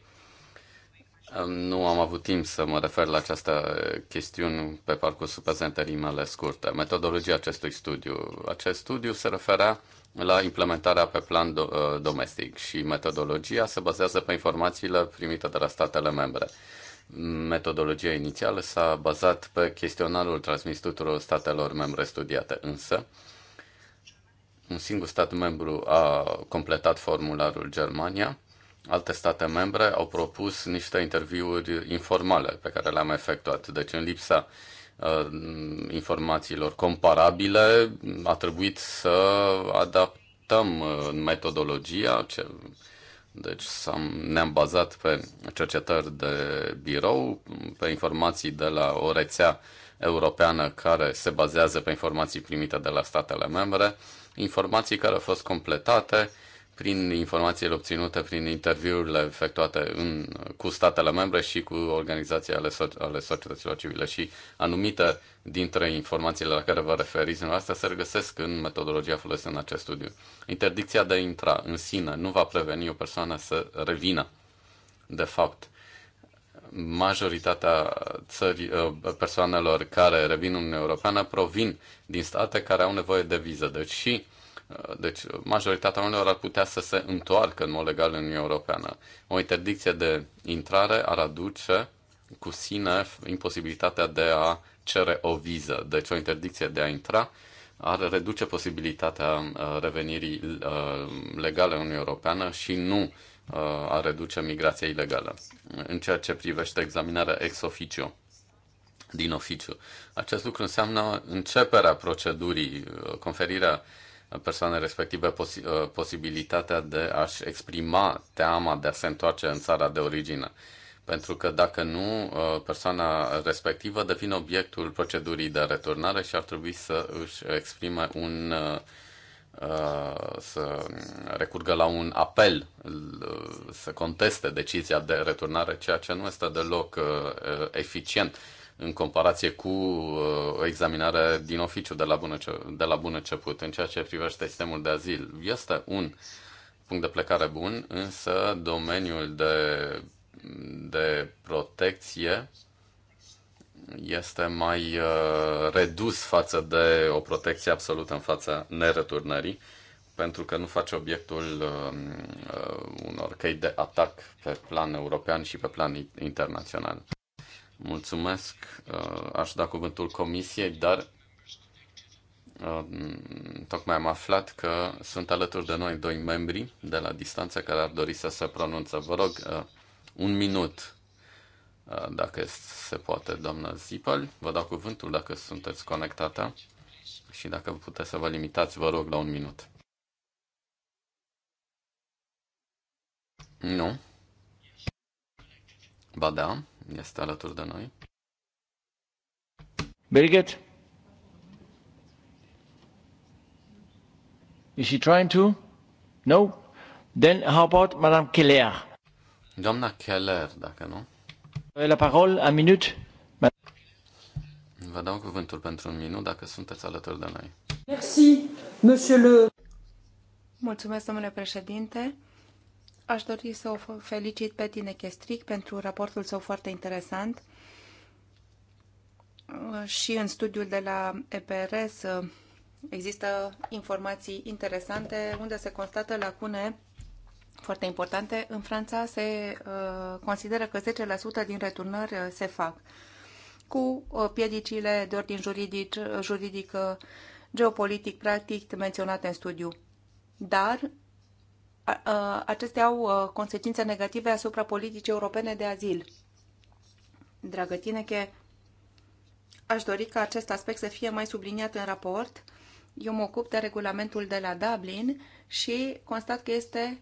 Nu am avut timp să mă refer la această chestiune pe parcursul prezentării mele scurte. Metodologia acestui studiu. Acest studiu se referea la implementarea pe plan do- uh, domestic și metodologia se bazează pe informațiile primite de la statele membre. Metodologia inițială s-a bazat pe chestionarul transmis tuturor statelor membre studiate, însă un singur stat membru a completat formularul Germania, alte state membre au propus niște interviuri informale pe care le-am efectuat. Deci în lipsa uh, Uh, informațiilor comparabile, a trebuit să adaptăm uh, metodologia, ce, deci ne-am bazat pe cercetări de birou, pe informații de la o rețea europeană care se bazează pe informații primite de la statele membre, informații care au fost completate prin informațiile obținute prin interviurile efectuate în, cu statele membre și cu organizația ale, ale societăților civile și anumite dintre informațiile la care vă referiți în asta se regăsesc în metodologia folosită în acest studiu. Interdicția de a intra în sine nu va preveni o persoană să revină. De fapt, majoritatea țări, ă, persoanelor care revin în Uniunea Europeană provin din state care au nevoie de viză. Deci și Uh, deci uh, majoritatea oamenilor ar putea să se întoarcă în mod legal în Uniunea Europeană. O interdicție de intrare ar aduce cu sine imposibilitatea de a cere o viză. Deci o interdicție de a intra ar reduce posibilitatea uh, revenirii legale în Uniunea Europeană și nu a reduce migrația ilegală. În ceea ce privește examinarea ex officio, din oficiu. Acest lucru înseamnă începerea procedurii, conferirea uh, persoane respective pos- uh, posibilitatea de a-și exprima teama de a se întoarce în țara de origine. Pentru că dacă nu, uh, persoana respectivă devine obiectul procedurii de returnare și ar trebui să își exprime un uh, să recurgă la un apel, să conteste decizia de returnare, ceea ce nu este deloc eficient în comparație cu uh, o examinare din oficiu de la, bună de la bun început. În ceea ce privește sistemul de azil, este un punct de plecare bun, însă domeniul de, de protecție este mai uh, redus față de o protecție absolută în fața nereturnării, pentru că nu face obiectul um, uh, unor căi de atac pe plan european și pe plan internațional. Mulțumesc. Uh, aș da cuvântul comisiei, dar uh, tocmai am aflat că sunt alături de noi doi membri de la distanță care ar dori să se pronunță. Vă rog, uh, un minut, dacă se poate, doamna Zipal. Vă dau cuvântul dacă sunteți conectată și dacă puteți să vă limitați, vă rog, la un minut. Nu? Ba da este alături de noi. Birgit? Is she trying to? No? Then how about Madame Keller? Doamna Keller, dacă nu. La parol, un minut. Vă dau cuvântul pentru un minut dacă sunteți alături de noi. Merci, monsieur le... Mulțumesc, domnule președinte. Aș dori să o felicit pe tine, Chestric, pentru raportul său foarte interesant. Și în studiul de la EPRS există informații interesante unde se constată lacune foarte importante. În Franța se uh, consideră că 10% din returnări uh, se fac cu uh, piedicile de ordin juridic, juridic geopolitic, practic, menționate în studiu. Dar acestea au uh, consecințe negative asupra politicii europene de azil. Dragă că aș dori ca acest aspect să fie mai subliniat în raport. Eu mă ocup de regulamentul de la Dublin și constat că este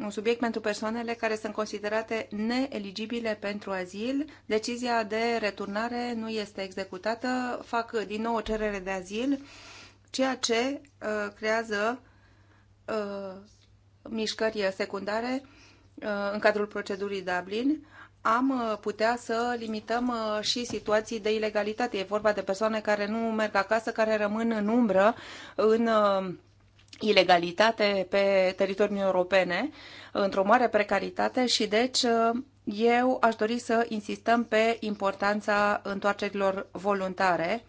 un subiect pentru persoanele care sunt considerate neeligibile pentru azil. Decizia de returnare nu este executată, fac din nou o cerere de azil, ceea ce uh, creează Uh, mișcări secundare uh, în cadrul procedurii Dublin, am uh, putea să limităm și situații de ilegalitate. E vorba de persoane care nu merg acasă, care rămân în umbră, în ilegalitate pe teritoriul europene, într-o mare precaritate și deci eu aș dori să insistăm pe importanța întoarcerilor voluntare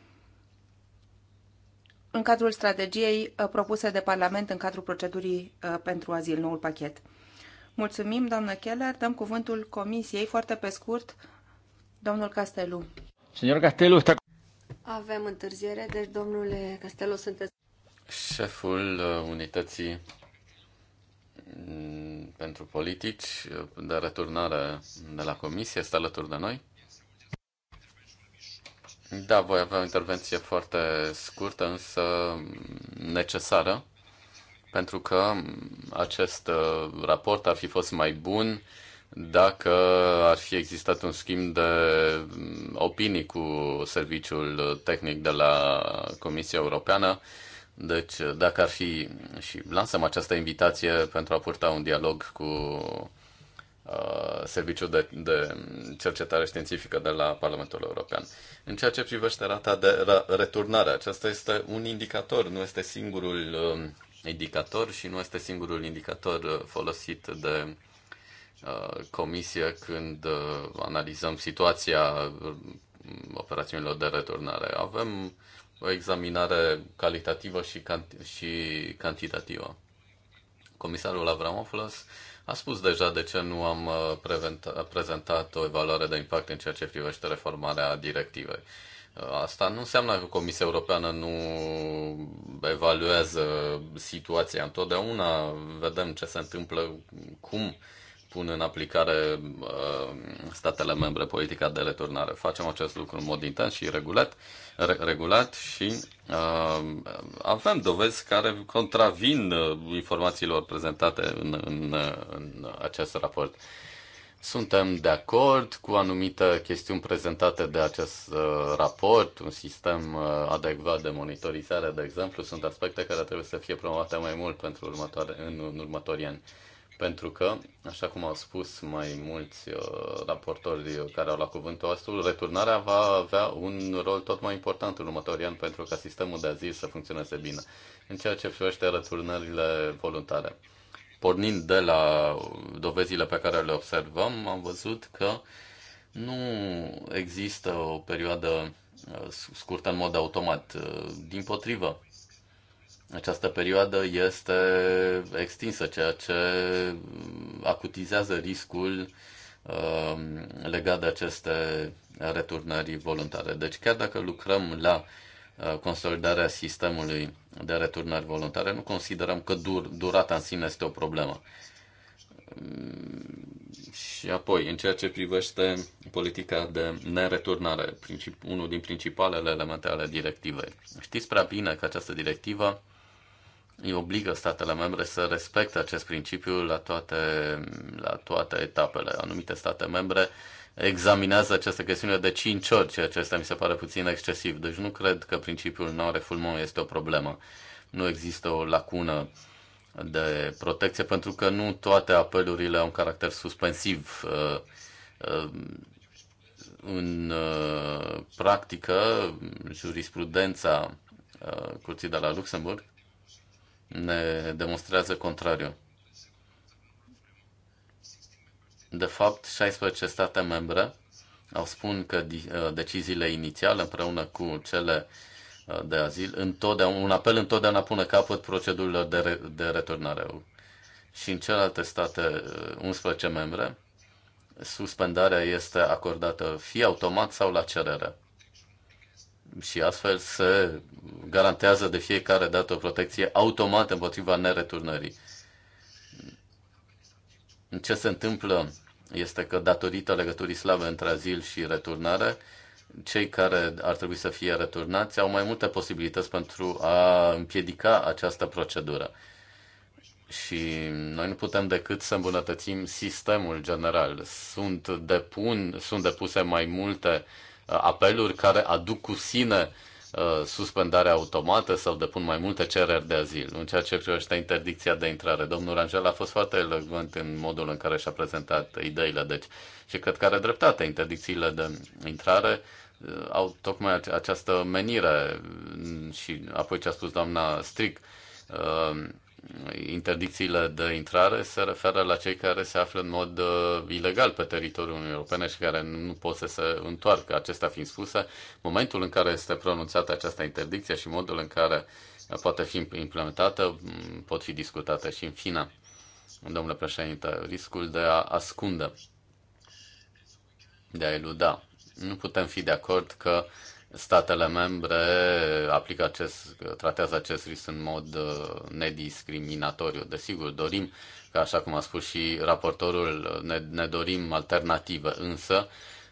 în cadrul strategiei uh, propuse de Parlament în cadrul procedurii uh, pentru azil, noul pachet. Mulțumim, doamnă Keller. Dăm cuvântul Comisiei, foarte pe scurt, domnul Castelu. Senor Castelu, sta... Avem întârziere, deci, domnule Castelu, sunteți... Șeful uh, unității mm, pentru politici de returnare de la Comisie este alături de noi. Da, voi avea o intervenție foarte scurtă, însă necesară, pentru că acest uh, raport ar fi fost mai bun dacă ar fi existat un schimb de opinii cu serviciul tehnic de la Comisia Europeană. Deci, dacă ar fi, și lansăm această invitație pentru a purta un dialog cu Uh, Serviciul de, de Cercetare Științifică de la Parlamentul European. În ceea ce privește rata de returnare, acesta este un indicator, nu este singurul um, indicator și nu este singurul indicator uh, folosit de uh, comisie când analizăm situația operațiunilor de returnare. Avem o examinare calitativă și, cant- și cantitativă. Comisarul Avramopoulos a spus deja de ce nu am uh, prezentat o evaluare de impact în ceea ce privește reformarea directivei. Uh, asta nu înseamnă că Comisia Europeană nu evaluează situația întotdeauna, vedem ce se întâmplă, cum pun în aplicare uh, statele membre politica de returnare. Facem acest lucru în mod intens și regulat, re- regulat și uh, avem dovezi care contravin uh, informațiilor prezentate în, în, în acest raport. Suntem de acord cu anumite chestiuni prezentate de acest uh, raport, un sistem uh, adecvat de monitorizare, de exemplu, sunt aspecte care trebuie să fie promovate mai mult pentru următoare, în, în următorii ani. Uh, pentru că, așa cum au spus mai mulți uh, raportori care au luat cuvântul astfel, returnarea va avea un rol tot mai important în următorii ani pentru ca sistemul de azil să funcționeze bine, în ceea ce privește returnările voluntare. Pornind de la dovezile pe care le observăm, am văzut că nu există o perioadă uh, scurtă în mod automat. Uh, din potrivă, această perioadă este extinsă, ceea ce acutizează riscul um, legat de aceste returnări voluntare. Deci chiar dacă lucrăm la uh, consolidarea sistemului de returnări voluntare, nu considerăm că dur, durata în sine este o problemă. Și apoi, în ceea ce privește politica de nereturnare, unul din principalele elemente ale directivei. Știți prea bine că această directivă îi obligă statele membre să respecte acest principiu la toate, la toate etapele. Anumite state membre examinează această chestiune de 5 ori, ceea ce asta mi se pare puțin excesiv. Deci nu cred că principiul non-refoulement este o problemă. Nu există o lacună de protecție pentru că nu toate apelurile au un caracter suspensiv. Uh, uh, în uh, practică, jurisprudența Curții de la Luxemburg ne demonstrează contrariu. De fapt, 16 state membre au spun că uh, deciziile inițiale împreună cu cele uh, de azil, întotdeauna, un apel întotdeauna pune capăt procedurilor de, re, de returnare. Și în celelalte state, 11 uh, membre, suspendarea este acordată fie automat sau la cerere și astfel se garantează de fiecare dată o protecție automată împotriva nereturnării. Ce se întâmplă este că datorită legăturii slabe între azil și returnare, cei care ar trebui să fie returnați au mai multe posibilități pentru a împiedica această procedură. Și noi nu putem decât să îmbunătățim sistemul general. Sunt, depun, sunt depuse mai multe uh, apeluri care aduc cu sine uh, suspendarea automată sau depun mai multe cereri de azil. În ceea ce privește interdicția de intrare, domnul Rangel a fost foarte elegant în modul în care și-a prezentat ideile, deci și cred că are dreptate. Interdicțiile de intrare uh, au tocmai această menire și apoi ce a spus doamna Stric, uh, interdicțiile de intrare se referă la cei care se află în mod uh, ilegal pe teritoriul Uniunii Europene și care nu pot să se întoarcă. Acestea fiind spuse, momentul în care este pronunțată această interdicție și modul în care uh, poate fi implementată mm, pot fi discutate și în fine, domnule președinte, riscul de a ascunde, de a eluda. Nu putem fi de acord că uh, statele membre aplică acest, tratează acest risc în mod uh, nediscriminatoriu. Desigur, dorim, ca așa cum a spus și raportorul, ne, ne dorim alternative, însă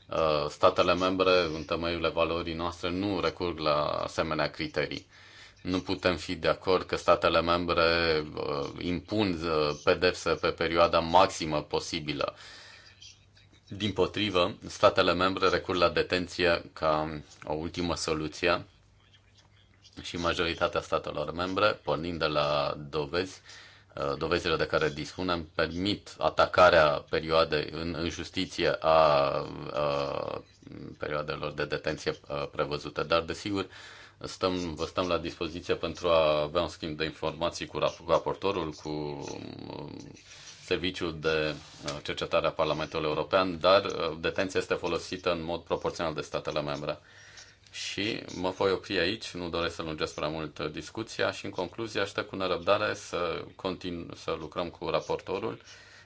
uh, statele membre, în temeiul valorii noastre, nu recurg la asemenea criterii. Nu putem fi de acord că statele membre uh, impun pedepse pe perioada maximă posibilă din potrivă, statele membre recur la detenție ca o ultimă soluție și majoritatea statelor membre, pornind de la dovezi, uh, dovezile de care dispunem, permit atacarea perioadei în, în justiție a, a perioadelor de detenție uh, prevăzute. Dar, desigur, stăm, vă stăm la dispoziție pentru a avea un schimb de informații cu raportorul, cu um, serviciul de uh, cercetare a Parlamentului European, dar uh, detenția este folosită în mod proporțional de statele membre. Și mă voi opri aici, nu doresc să lungesc prea mult uh, discuția și în concluzie aștept cu nerăbdare să continu să lucrăm cu raportorul,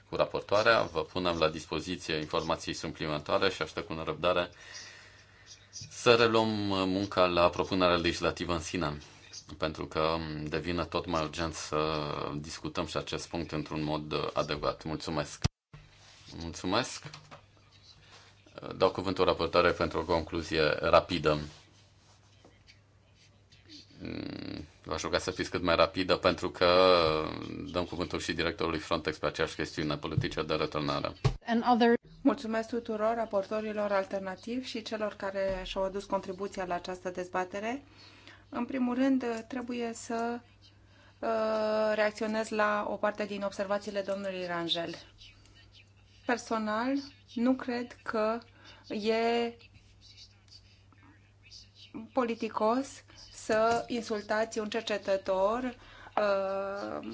cu raportoarea, vă punem la dispoziție informații suplimentare și aștept cu nerăbdare să reluăm munca la propunerea legislativă în sine pentru că mm, devine tot mai urgent să discutăm și acest punct într-un mod adecvat. Mulțumesc! Mulțumesc! Dau cuvântul raportare pentru o concluzie rapidă. Mm, v-aș ruga să fiți cât mai rapidă pentru că dăm cuvântul și directorului Frontex pe aceeași chestiune politice de returnare. Mulțumesc tuturor raportorilor alternativi și celor care și-au adus contribuția la această dezbatere. În primul rând, trebuie să uh, reacționez la o parte din observațiile domnului Rangel. Personal, nu cred că e politicos să insultați un cercetător uh,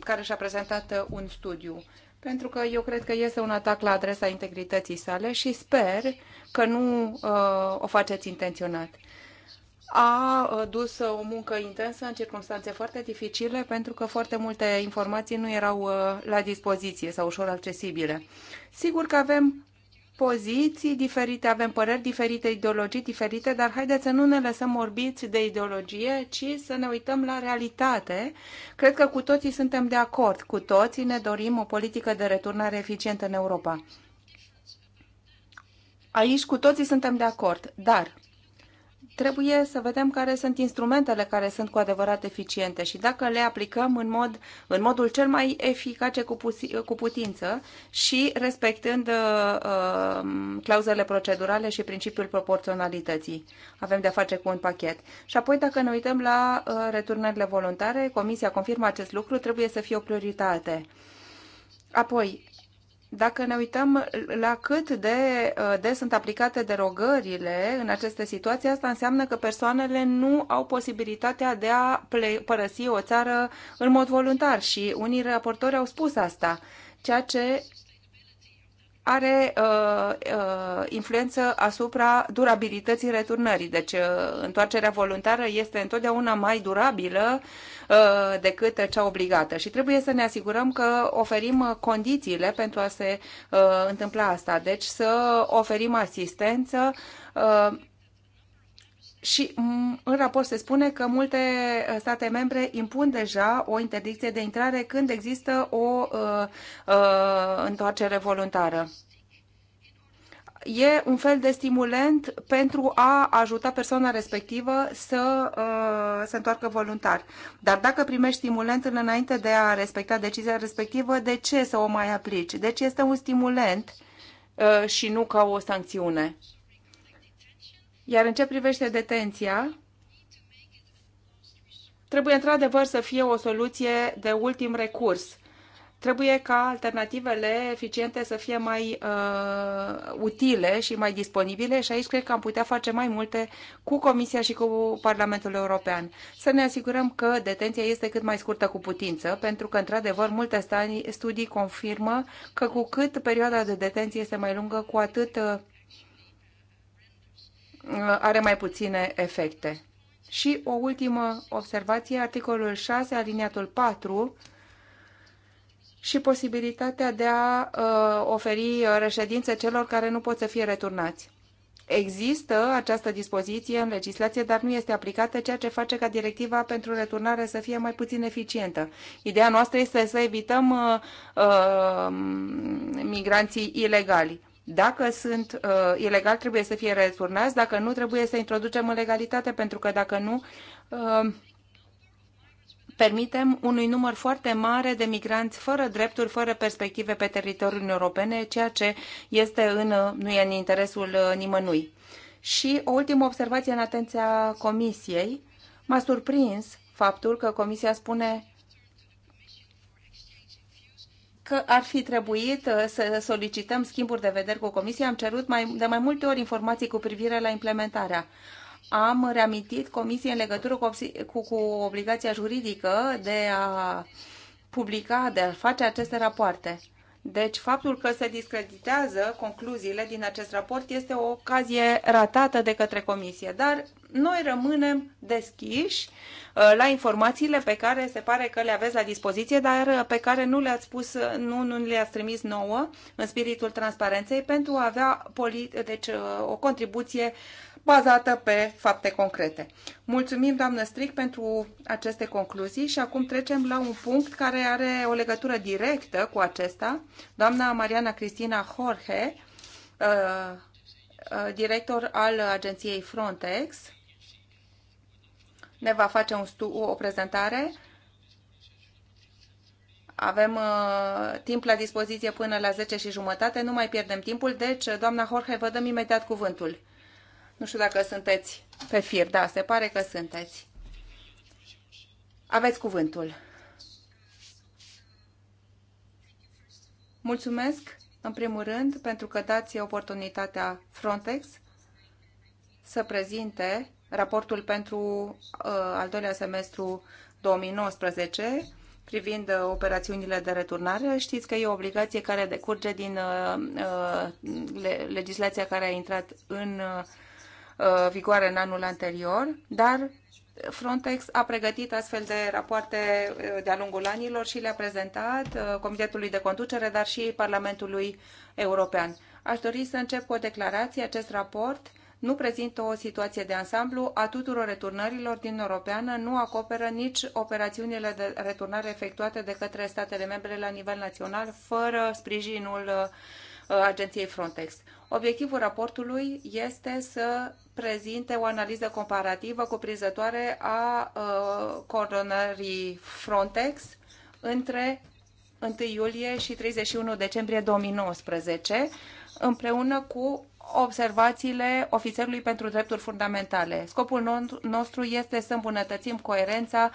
care și-a prezentat un studiu. Pentru că eu cred că este un atac la adresa integrității sale și sper că nu uh, o faceți intenționat a uh, dus uh, o muncă intensă în circunstanțe foarte dificile pentru că foarte multe informații nu erau uh, la dispoziție sau ușor accesibile. Sigur că avem poziții diferite, avem păreri diferite, ideologii diferite, dar haideți să nu ne lăsăm orbiți de ideologie, ci să ne uităm la realitate. Cred că cu toții suntem de acord, cu toții ne dorim o politică de returnare eficientă în Europa. Aici cu toții suntem de acord, dar trebuie să vedem care sunt instrumentele care sunt cu adevărat eficiente și dacă le aplicăm în, mod, în modul cel mai eficace cu, pusi, cu putință și respectând uh, uh, clauzele procedurale și principiul proporționalității. Avem de-a face cu un pachet. Și apoi, dacă ne uităm la uh, returnările voluntare, Comisia confirmă acest lucru, trebuie să fie o prioritate. Apoi, dacă ne uităm la cât de uh, des sunt aplicate derogările în aceste situații, asta înseamnă că persoanele nu au posibilitatea de a părăsi o țară în mod voluntar și unii raportori au spus asta, ceea ce are uh, uh, influență asupra durabilității returnării. Deci uh, întoarcerea voluntară este întotdeauna mai durabilă uh, decât cea obligată și trebuie să ne asigurăm că oferim condițiile pentru a se uh, întâmpla asta. Deci să oferim asistență uh, și în raport se spune că multe uh, state membre impun deja o interdicție de intrare când există o uh, uh, întoarcere voluntară. E un fel de stimulent pentru a ajuta persoana respectivă să uh, se întoarcă voluntar. Dar dacă primești stimulentul înainte de a respecta decizia respectivă, de ce să o mai aplici? Deci este un stimulent uh, și nu ca o sancțiune. Iar în ce privește detenția, trebuie într-adevăr să fie o soluție de ultim recurs. Trebuie ca alternativele eficiente să fie mai uh, utile și mai disponibile și aici cred că am putea face mai multe cu Comisia și cu Parlamentul European. Să ne asigurăm că detenția este cât mai scurtă cu putință, pentru că, într-adevăr, multe studii confirmă că cu cât perioada de detenție este mai lungă, cu atât uh, Uh, are mai puține efecte. Și o ultimă observație, articolul 6, aliniatul 4, și posibilitatea de a uh, oferi reședințe celor care nu pot să fie returnați. Există această dispoziție în legislație, dar nu este aplicată, ceea ce face ca directiva pentru returnare să fie mai puțin eficientă. Ideea noastră este să evităm uh, uh, migranții ilegali. Dacă sunt uh, ilegal, trebuie să fie returnați, dacă nu, trebuie să introducem în legalitate, pentru că dacă nu, uh, permitem unui număr foarte mare de migranți fără drepturi, fără perspective pe teritoriul europene, ceea ce este în, uh, nu e în interesul uh, nimănui. Și o ultimă observație în atenția Comisiei. M-a surprins faptul că Comisia spune că ar fi trebuit uh, să solicităm schimburi de vederi cu Comisia. Am cerut mai, de mai multe ori informații cu privire la implementarea. Am reamintit Comisiei în legătură cu, cu, cu obligația juridică de a publica, de a face aceste rapoarte. Deci faptul că se discreditează concluziile din acest raport este o ocazie ratată de către comisie, dar noi rămânem deschiși uh, la informațiile pe care se pare că le aveți la dispoziție, dar uh, pe care nu le-ați spus, uh, nu, nu le-ați trimis nouă în spiritul transparenței pentru a avea deci, o contribuție bazată pe fapte concrete. Mulțumim, doamnă Stric, pentru aceste concluzii și acum trecem la un punct care are o legătură directă cu acesta. Doamna Mariana Cristina Jorge, director al agenției Frontex, ne va face un stu- o prezentare. Avem uh, timp la dispoziție până la 10 și jumătate, nu mai pierdem timpul, deci, doamna Jorge, vă dăm imediat cuvântul. Nu știu dacă sunteți pe fir, da, se pare că sunteți. Aveți cuvântul. Mulțumesc, în primul rând, pentru că dați oportunitatea Frontex să prezinte raportul pentru uh, al doilea semestru 2019 privind uh, operațiunile de returnare. Știți că e o obligație care decurge din uh, uh, le, legislația care a intrat în uh, vigoare în anul anterior, dar Frontex a pregătit astfel de rapoarte uh, de-a lungul anilor și le-a prezentat uh, Comitetului de Conducere, dar și Parlamentului European. Aș dori să încep cu o declarație. Acest raport nu prezintă o situație de ansamblu a tuturor returnărilor din Europeană, nu acoperă nici operațiunile de returnare efectuate de către statele membre la nivel național, fără sprijinul uh, agenției Frontex. Obiectivul raportului este să prezinte o analiză comparativă cuprinzătoare a uh, coordonării Frontex între 1 iulie și 31 decembrie 2019, împreună cu observațiile ofițerului pentru drepturi fundamentale. Scopul nostru este să îmbunătățim coerența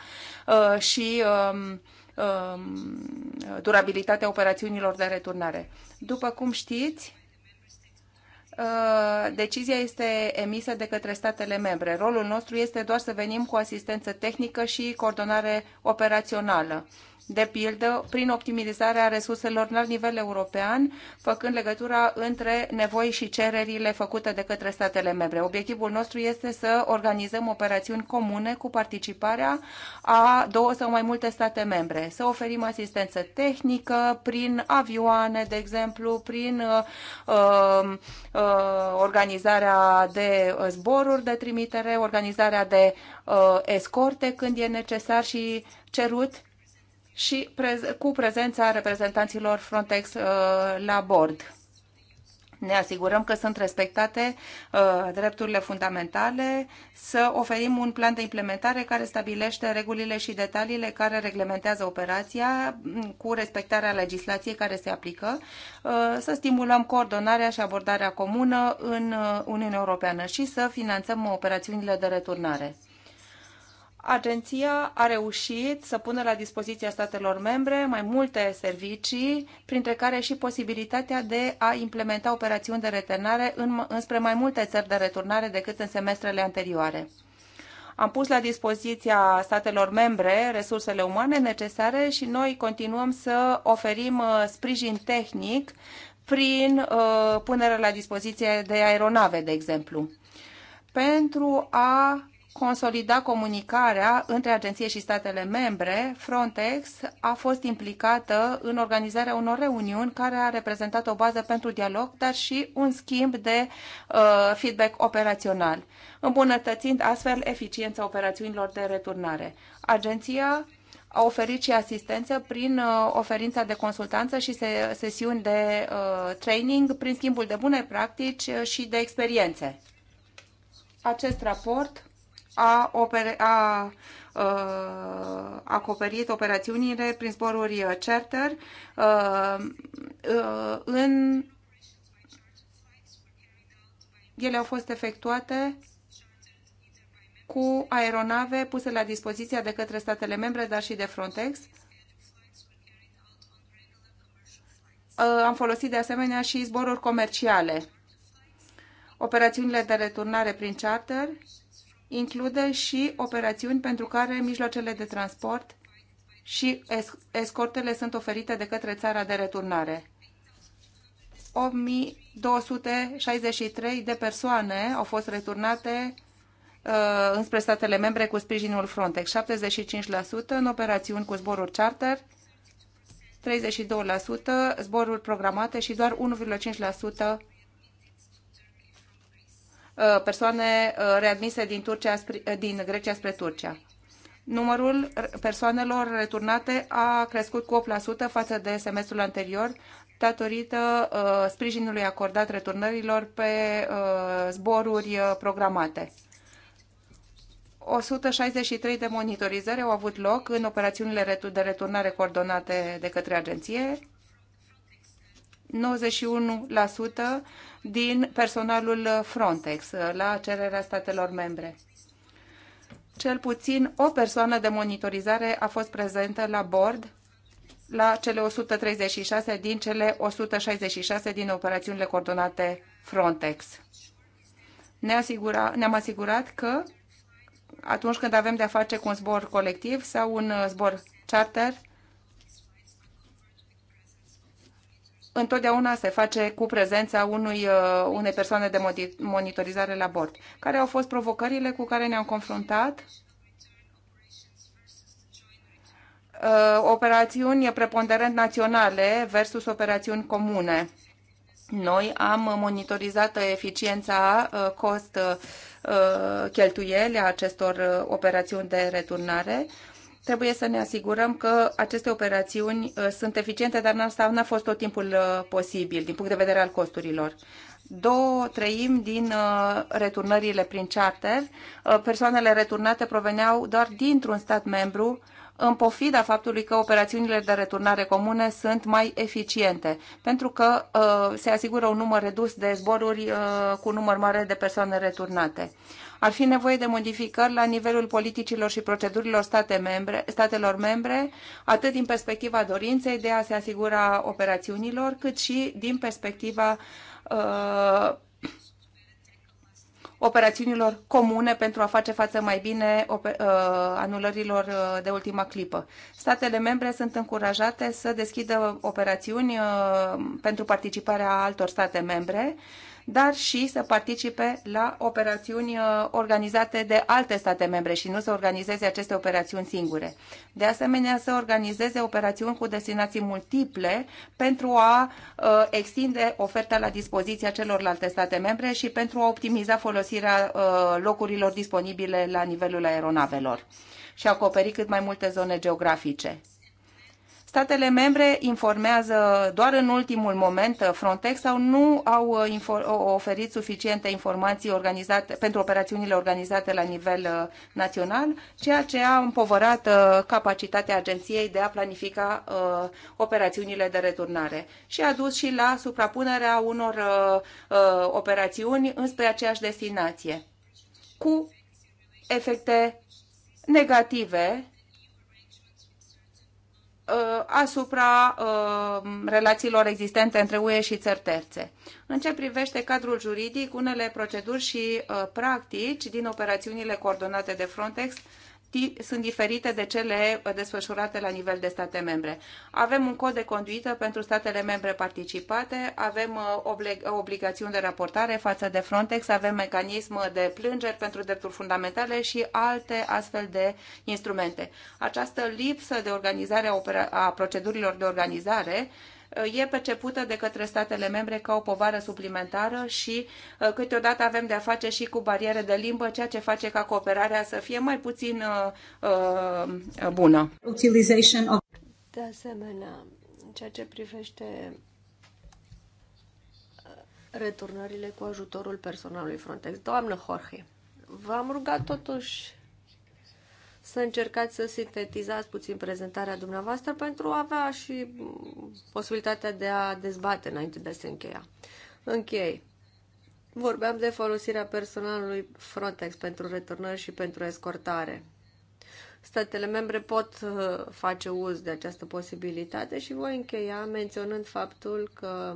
uh, și um, um, durabilitatea operațiunilor de returnare. După cum știți, uh, decizia este emisă de către statele membre. Rolul nostru este doar să venim cu asistență tehnică și coordonare operațională de pildă prin optimizarea resurselor la nivel european, făcând legătura între nevoi și cererile făcute de către statele membre. Obiectivul nostru este să organizăm operațiuni comune cu participarea a două sau mai multe state membre, să oferim asistență tehnică prin avioane, de exemplu, prin uh, uh, uh organizarea de uh, zboruri de trimitere, organizarea de uh, escorte când e necesar și cerut și prez- cu prezența reprezentanților Frontex uh, la bord. Ne asigurăm că sunt respectate uh, drepturile fundamentale, să oferim un plan de implementare care stabilește regulile și detaliile care reglementează operația mm, cu respectarea legislației care se aplică, uh, să stimulăm coordonarea și abordarea comună în uh, Uniunea Europeană și să finanțăm operațiunile de returnare. Agenția a reușit să pună la dispoziția statelor membre mai multe servicii, printre care și posibilitatea de a implementa operațiuni de returnare în, înspre mai multe țări de returnare decât în semestrele anterioare. Am pus la dispoziția statelor membre resursele umane necesare și noi continuăm să oferim uh, sprijin tehnic prin uh, punerea la dispoziție de aeronave, de exemplu, pentru a consolida comunicarea între agenție și statele membre, Frontex a fost implicată în organizarea unor reuniuni care a reprezentat o bază pentru dialog, dar și un schimb de uh, feedback operațional, îmbunătățind astfel eficiența operațiunilor de returnare. Agenția a oferit și asistență prin uh, oferința de consultanță și se, sesiuni de uh, training, prin schimbul de bune practici uh, și de experiențe. Acest raport a, opere, a a uh, acoperit operațiunile prin zboruri uh, charter a, uh, a, în ele au fost efectuate cu aeronave puse la dispoziția de către statele membre, dar și de Frontex. Am folosit de asemenea și zboruri comerciale. Operațiunile de returnare prin charter include și operațiuni pentru care mijloacele de transport și escortele sunt oferite de către țara de returnare. 8263 de persoane au fost returnate uh, înspre statele membre cu sprijinul Frontex, 75% în operațiuni cu zboruri charter, 32% zboruri programate și doar 1,5% Uh, persoane uh, readmise din, Turcia, uh, din Grecia spre Turcia. Numărul persoanelor returnate a crescut cu 8% față de semestrul anterior, datorită sprijinului acordat returnărilor pe zboruri programate. 163 de monitorizări au avut loc în operațiunile de returnare coordonate de către agenție, 91% din personalul Frontex uh, la cererea statelor membre. Cel puțin o persoană de monitorizare a fost prezentă la bord la cele 136 din cele 166 din operațiunile coordonate Frontex. Ne asigura, ne-am asigurat că atunci când avem de-a face cu un zbor colectiv sau un uh, zbor charter, întotdeauna se face cu prezența unui, uh, unei persoane de monitorizare la bord. Care au fost provocările cu care ne-am confruntat? Uh, operațiuni preponderent naționale versus operațiuni comune. Noi am monitorizat eficiența uh, cost cheltuiele a acestor operațiuni de returnare trebuie să ne asigurăm că aceste operațiuni uh, sunt eficiente, dar asta n-a fost tot timpul uh, posibil din punct de vedere al costurilor. Două treimi din uh, returnările prin charter, persoanele returnate proveneau doar dintr-un stat membru, în pofida faptului că operațiunile de returnare comune sunt mai eficiente, pentru că uh, se asigură un număr redus de zboruri uh, cu număr mare de persoane returnate. Ar fi nevoie de modificări la nivelul politicilor și procedurilor state membre, statelor membre, atât din perspectiva dorinței de a se asigura operațiunilor, cât și din perspectiva uh, operațiunilor comune pentru a face față mai bine uh, anulărilor uh, de ultima clipă. Statele membre sunt încurajate să deschidă operațiuni uh, pentru participarea altor state membre dar și să participe la operațiuni uh, organizate de alte state membre și nu să organizeze aceste operațiuni singure. De asemenea, să organizeze operațiuni cu destinații multiple pentru a uh, extinde oferta la dispoziția celorlalte state membre și pentru a optimiza folosirea uh, locurilor disponibile la nivelul aeronavelor și acoperi cât mai multe zone geografice statele membre informează doar în ultimul moment uh, Frontex sau nu au uh, oferit suficiente informații organizate, pentru operațiunile organizate la nivel uh, național, ceea ce a împovărat capacitatea agenției de a planifica operațiunile de returnare și a dus și la suprapunerea unor operațiuni înspre aceeași destinație cu efecte negative Uh, asupra uh, relațiilor existente între UE și țări terțe. În ce privește cadrul juridic, unele proceduri și uh, practici din operațiunile coordonate de Frontex sunt diferite de cele uh, desfășurate la nivel de state membre. Avem un cod de conduită pentru statele membre participate, avem uh, uh, obligațiuni de raportare față de Frontex, avem mecanism de plângeri pentru drepturi fundamentale și alte astfel de instrumente. Această lipsă de organizare a procedurilor de organizare e percepută de către statele membre ca o povară suplimentară și uh, câteodată avem de-a face și cu bariere de limbă, ceea ce face ca cooperarea să fie mai puțin uh, uh, bună. De asemenea, ceea ce privește returnările cu ajutorul personalului Frontex. Doamnă Jorge, v-am rugat totuși să încercați să sintetizați puțin prezentarea dumneavoastră pentru a avea și posibilitatea de a dezbate înainte de a se încheia. Închei. Vorbeam de folosirea personalului Frontex pentru returnări și pentru escortare. Statele membre pot uh, face uz de această posibilitate și voi încheia menționând faptul că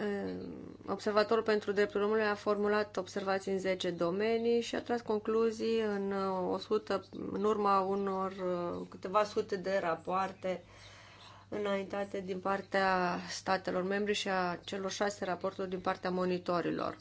Eh, observatorul pentru Drepturile Omului a formulat observații în 10 domenii și a tras concluzii în, 100, eh, în urma unor eh, câteva sute de rapoarte înaintate din partea statelor membre și a celor șase raporturi din partea monitorilor.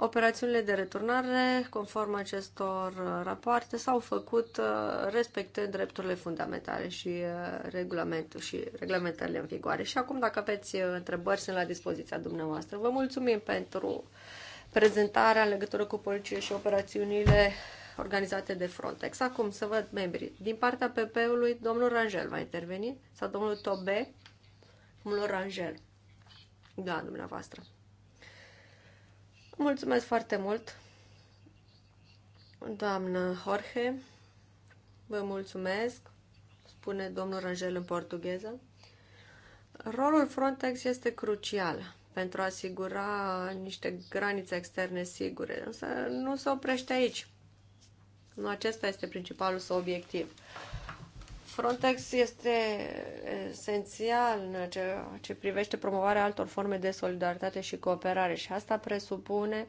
Operațiunile de returnare, conform acestor uh, rapoarte, s-au făcut uh, respectând drepturile fundamentale și uh, regulamentul și reglementările în vigoare. Și acum, dacă aveți întrebări, sunt la dispoziția dumneavoastră. Vă mulțumim pentru prezentarea în legătură cu poliție și operațiunile organizate de Frontex. Acum să văd membrii. Din partea PP-ului, domnul Rangel va interveni? Sau domnul Tobe? Domnul Rangel. Da, dumneavoastră. Mulțumesc foarte mult, doamnă Jorge. Vă mulțumesc, spune domnul Rangel în portugheză. Rolul Frontex este crucial pentru a asigura niște granițe externe sigure, însă nu se oprește aici. Nu acesta este principalul său obiectiv. Frontex este esențial în ceea ce privește promovarea altor forme de solidaritate și cooperare și asta presupune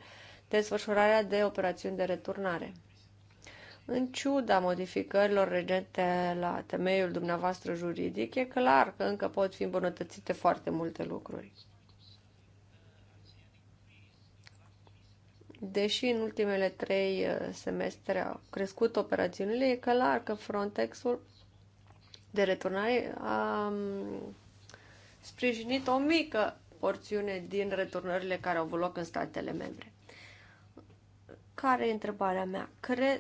desfășurarea de operațiuni de returnare. În ciuda modificărilor recente la temeiul dumneavoastră juridic, e clar că încă pot fi îmbunătățite foarte multe lucruri. Deși în ultimele trei uh, semestre au crescut operațiunile, e clar că Frontexul de returnare a sprijinit o mică porțiune din returnările care au avut loc în statele membre. Care e întrebarea mea?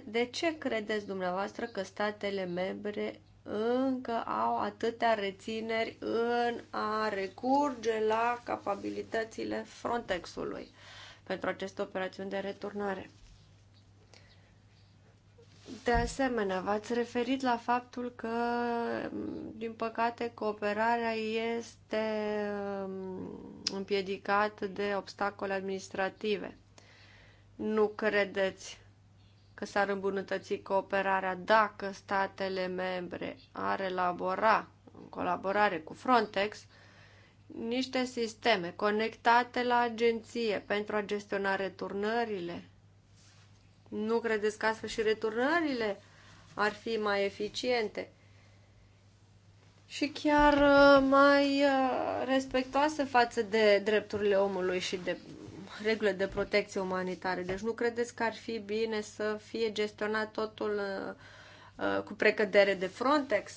de ce credeți dumneavoastră că statele membre încă au atâtea rețineri în a recurge la capabilitățile Frontexului pentru aceste operațiuni de returnare? De asemenea, v-ați referit la faptul că, din păcate, cooperarea este um, împiedicată de obstacole administrative. Nu credeți că s-ar îmbunătăți cooperarea dacă statele membre ar elabora, în colaborare cu Frontex, niște sisteme conectate la agenție pentru a gestiona returnările, nu credeți că astfel și returnările ar fi mai eficiente? și chiar uh, mai uh, respectoase față de drepturile omului și de regulile de protecție umanitare. Deci nu credeți că ar fi bine să fie gestionat totul uh, cu precădere de Frontex?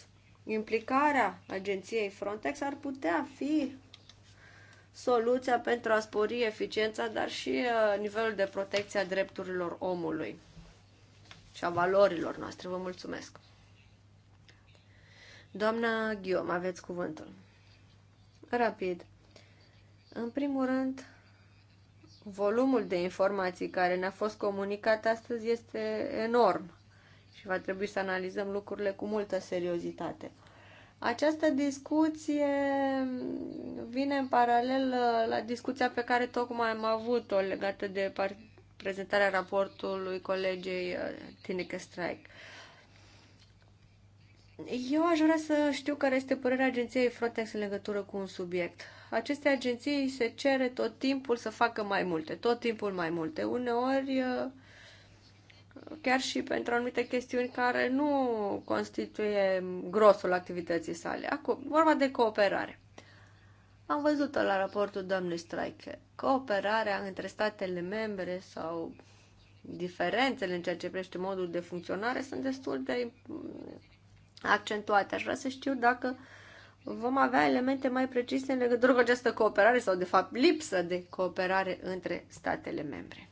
Implicarea agenției Frontex ar putea fi soluția pentru a spori eficiența, dar și uh, nivelul de protecție a drepturilor omului și a valorilor noastre. Vă mulțumesc! Doamna Ghiom, aveți cuvântul. Rapid. În primul rând, volumul de informații care ne-a fost comunicat astăzi este enorm și va trebui să analizăm lucrurile cu multă seriozitate. Această discuție vine în paralel uh, la discuția pe care tocmai am avut-o legată de prezentarea raportului colegei uh, Tineke Strike. Eu aș vrea să știu care este părerea agenției Frontex în legătură cu un subiect. Aceste agenții se cere tot timpul să facă mai multe, tot timpul mai multe. Uneori uh, chiar și pentru anumite chestiuni care nu constituie grosul activității sale. Acum, vorba de cooperare. Am văzut-o la raportul doamnei Strike, Cooperarea între statele membre sau diferențele în ceea ce privește modul de funcționare sunt destul de accentuate. Aș vrea să știu dacă vom avea elemente mai precise în legătură cu această cooperare sau, de fapt, lipsă de cooperare între statele membre.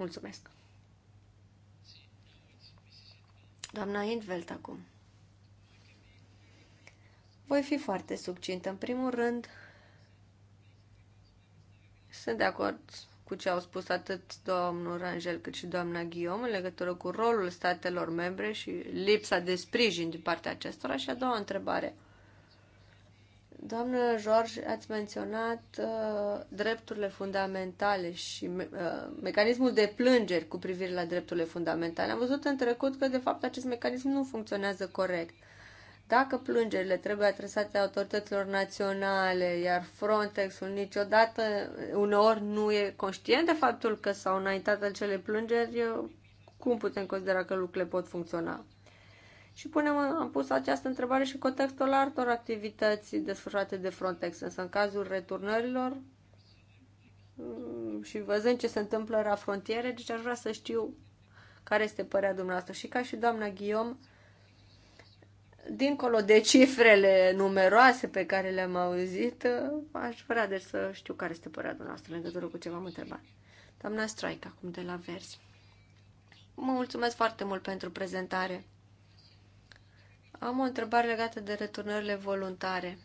Mulțumesc. Doamna Intveld acum. Voi fi foarte succint. În primul rând, sunt de acord cu ce au spus atât domnul Rangel cât și doamna Guillaume în legătură cu rolul statelor membre și lipsa de sprijin din partea acestora. Și a doua întrebare – Doamnă George, ați menționat uh, drepturile fundamentale și me- uh, mecanismul de plângeri cu privire la drepturile fundamentale. Am văzut în trecut că, de fapt, acest mecanism nu funcționează corect. Dacă plângerile trebuie adresate autorităților naționale, iar Frontex Frontex-ul niciodată, uneori, nu e conștient de faptul că s-au înaintat acele plângeri, cum putem considera că lucrurile pot funcționa? Și punem, am pus această întrebare și în contextul altor activități desfășurate de Frontex, însă în cazul returnărilor mm, și văzând ce se întâmplă la frontiere, deci aș vrea să știu care este părerea dumneavoastră. Și ca și doamna Ghiom, dincolo de cifrele numeroase pe care le-am auzit, aș vrea deci să știu care este părerea dumneavoastră legătură cu ce v-am întrebat. Doamna Strike, acum de la Vers. Mă mulțumesc foarte mult pentru prezentare. Am o întrebare legată de returnările voluntare.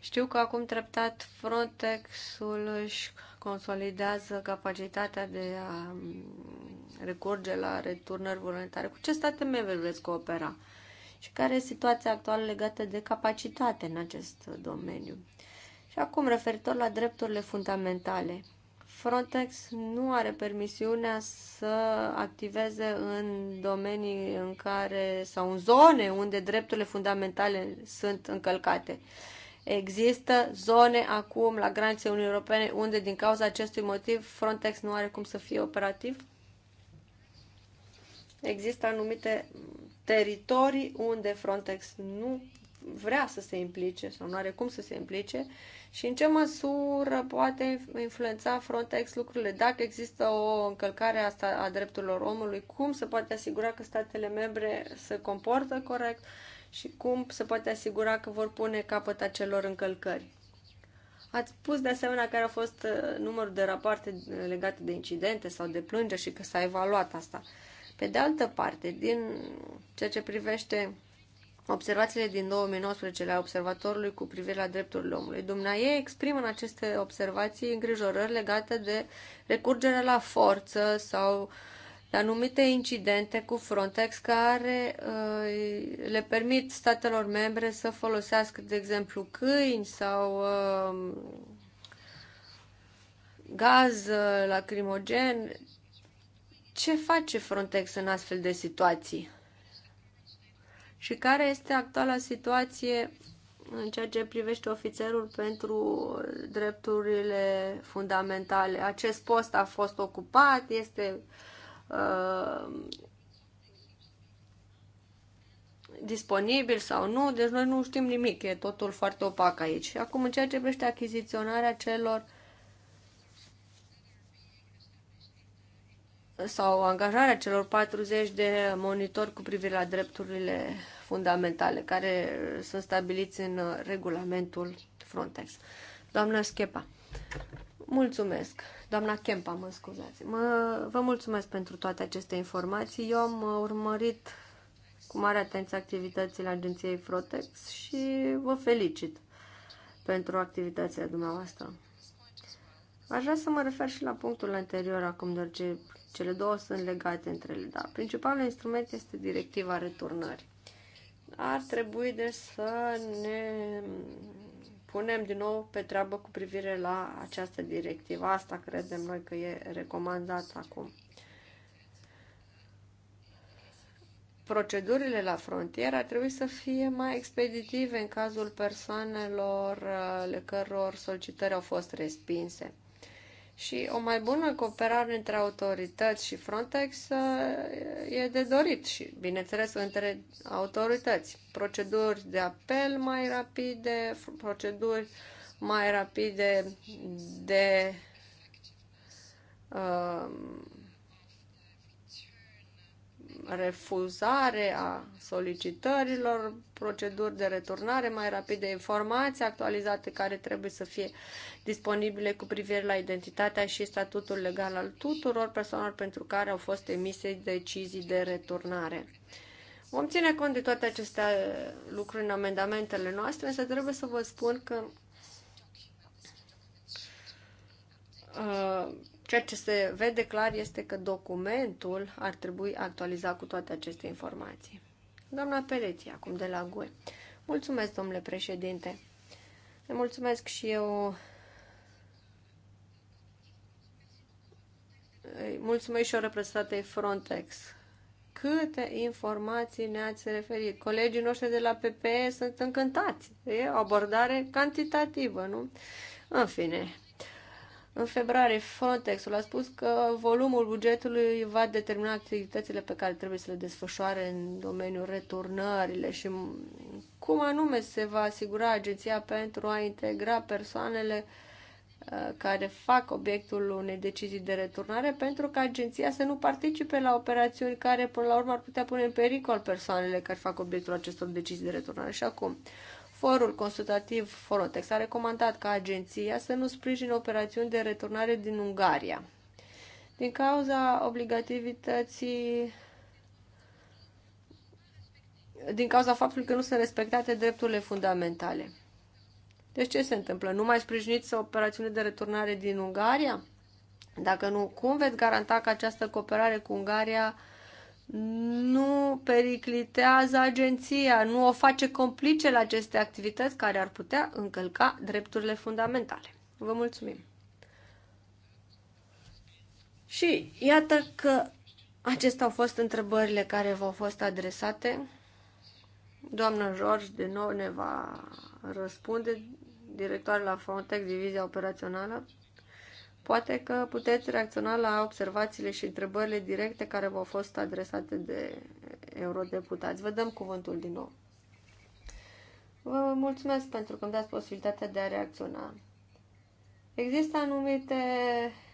Știu că acum treptat Frontex-ul își consolidează capacitatea de a mm, recurge la returnări voluntare. Cu ce state membre vreți coopera? Și care e situația actuală legată de capacitate în acest domeniu? Și acum, referitor la drepturile fundamentale, Frontex nu are permisiunea să activeze în domenii în care sau în zone unde drepturile fundamentale sunt încălcate. Există zone acum la granițe Uniunii Europene unde din cauza acestui motiv Frontex nu are cum să fie operativ? Există anumite teritorii unde Frontex nu vrea să se implice sau nu are cum să se implice și în ce măsură poate influența Frontex lucrurile, dacă există o încălcare a, a drepturilor omului, cum se poate asigura că statele membre se comportă corect și cum se poate asigura că vor pune capăt acelor încălcări. Ați spus de asemenea care a fost uh, numărul de rapoarte legate de incidente sau de plângeri și că s-a evaluat asta. Pe de altă parte, din ceea ce privește observațiile din 2019 ale observatorului cu privire la drepturile omului. Dumnezeu exprimă în aceste observații îngrijorări legate de recurgere la forță sau la anumite incidente cu Frontex care uh, le permit statelor membre să folosească, de exemplu, câini sau uh, gaz lacrimogen. Ce face Frontex în astfel de situații? și care este actuala situație în ceea ce privește ofițerul pentru drepturile fundamentale. Acest post a fost ocupat, este uh, disponibil sau nu, deci noi nu știm nimic, e totul foarte opac aici. Acum, în ceea ce privește achiziționarea celor sau angajarea celor 40 de monitori cu privire la drepturile fundamentale care sunt stabiliți în uh, regulamentul Frontex. Doamna Schepa, mulțumesc. Doamna Kempa, mă scuzați. Mă, vă mulțumesc pentru toate aceste informații. Eu am uh, urmărit cu mare atenție activitățile agenției Frontex și vă felicit pentru activitatea dumneavoastră. Aș vrea să mă refer și la punctul anterior acum, deoarece cele două sunt legate între ele. dar principalul instrument este directiva returnării ar trebui de să ne punem din nou pe treabă cu privire la această directivă. Asta credem noi că e recomandat acum. Procedurile la frontieră ar trebui să fie mai expeditive în cazul persoanelor le căror solicitări au fost respinse. Și o mai bună cooperare între autorități și Frontex uh, e de dorit și, bineînțeles, între autorități. Proceduri de apel mai rapide, proceduri mai rapide de uh, refuzare a solicitărilor, proceduri de returnare mai rapide, informații actualizate care trebuie să fie disponibile cu privire la identitatea și statutul legal al tuturor persoanelor pentru care au fost emise decizii de returnare. Vom ține cont de toate aceste lucruri în amendamentele noastre, însă trebuie să vă spun că uh, Ceea ce se vede clar este că documentul ar trebui actualizat cu toate aceste informații. Doamna Peleți, acum de la GUE. Mulțumesc, domnule președinte. Le mulțumesc și eu mulțumesc și o reprezentantei Frontex. Câte informații ne-ați referit? Colegii noștri de la PPE sunt încântați. E o abordare cantitativă, nu? În fine, în februarie, Frontexul a spus că volumul bugetului va determina activitățile pe care trebuie să le desfășoare în domeniul returnările și cum anume se va asigura agenția pentru a integra persoanele uh, care fac obiectul unei decizii de returnare pentru că agenția să nu participe la operațiuni care până la urmă ar putea pune în pericol persoanele care fac obiectul acestor decizii de returnare. Și acum, Forul consultativ Frontex a recomandat ca agenția să nu sprijine operațiuni de returnare din Ungaria din cauza obligativității din cauza faptului că nu sunt respectate drepturile fundamentale. Deci ce se întâmplă? Nu mai sprijiniți operațiune de returnare din Ungaria? Dacă nu, cum veți garanta că această cooperare cu Ungaria uh, nu periclitează agenția, nu o face complice la aceste activități care ar putea încălca drepturile fundamentale. Vă mulțumim! Și iată că acestea au fost întrebările care v-au fost adresate. Doamna George de nou ne va răspunde, directoare la Frontex, Divizia Operațională. Poate că puteți reacționa la observațiile și întrebările directe care v-au fost adresate de eurodeputați. Vă dăm cuvântul din nou. Vă mulțumesc pentru că îmi dați posibilitatea de a reacționa. Există anumite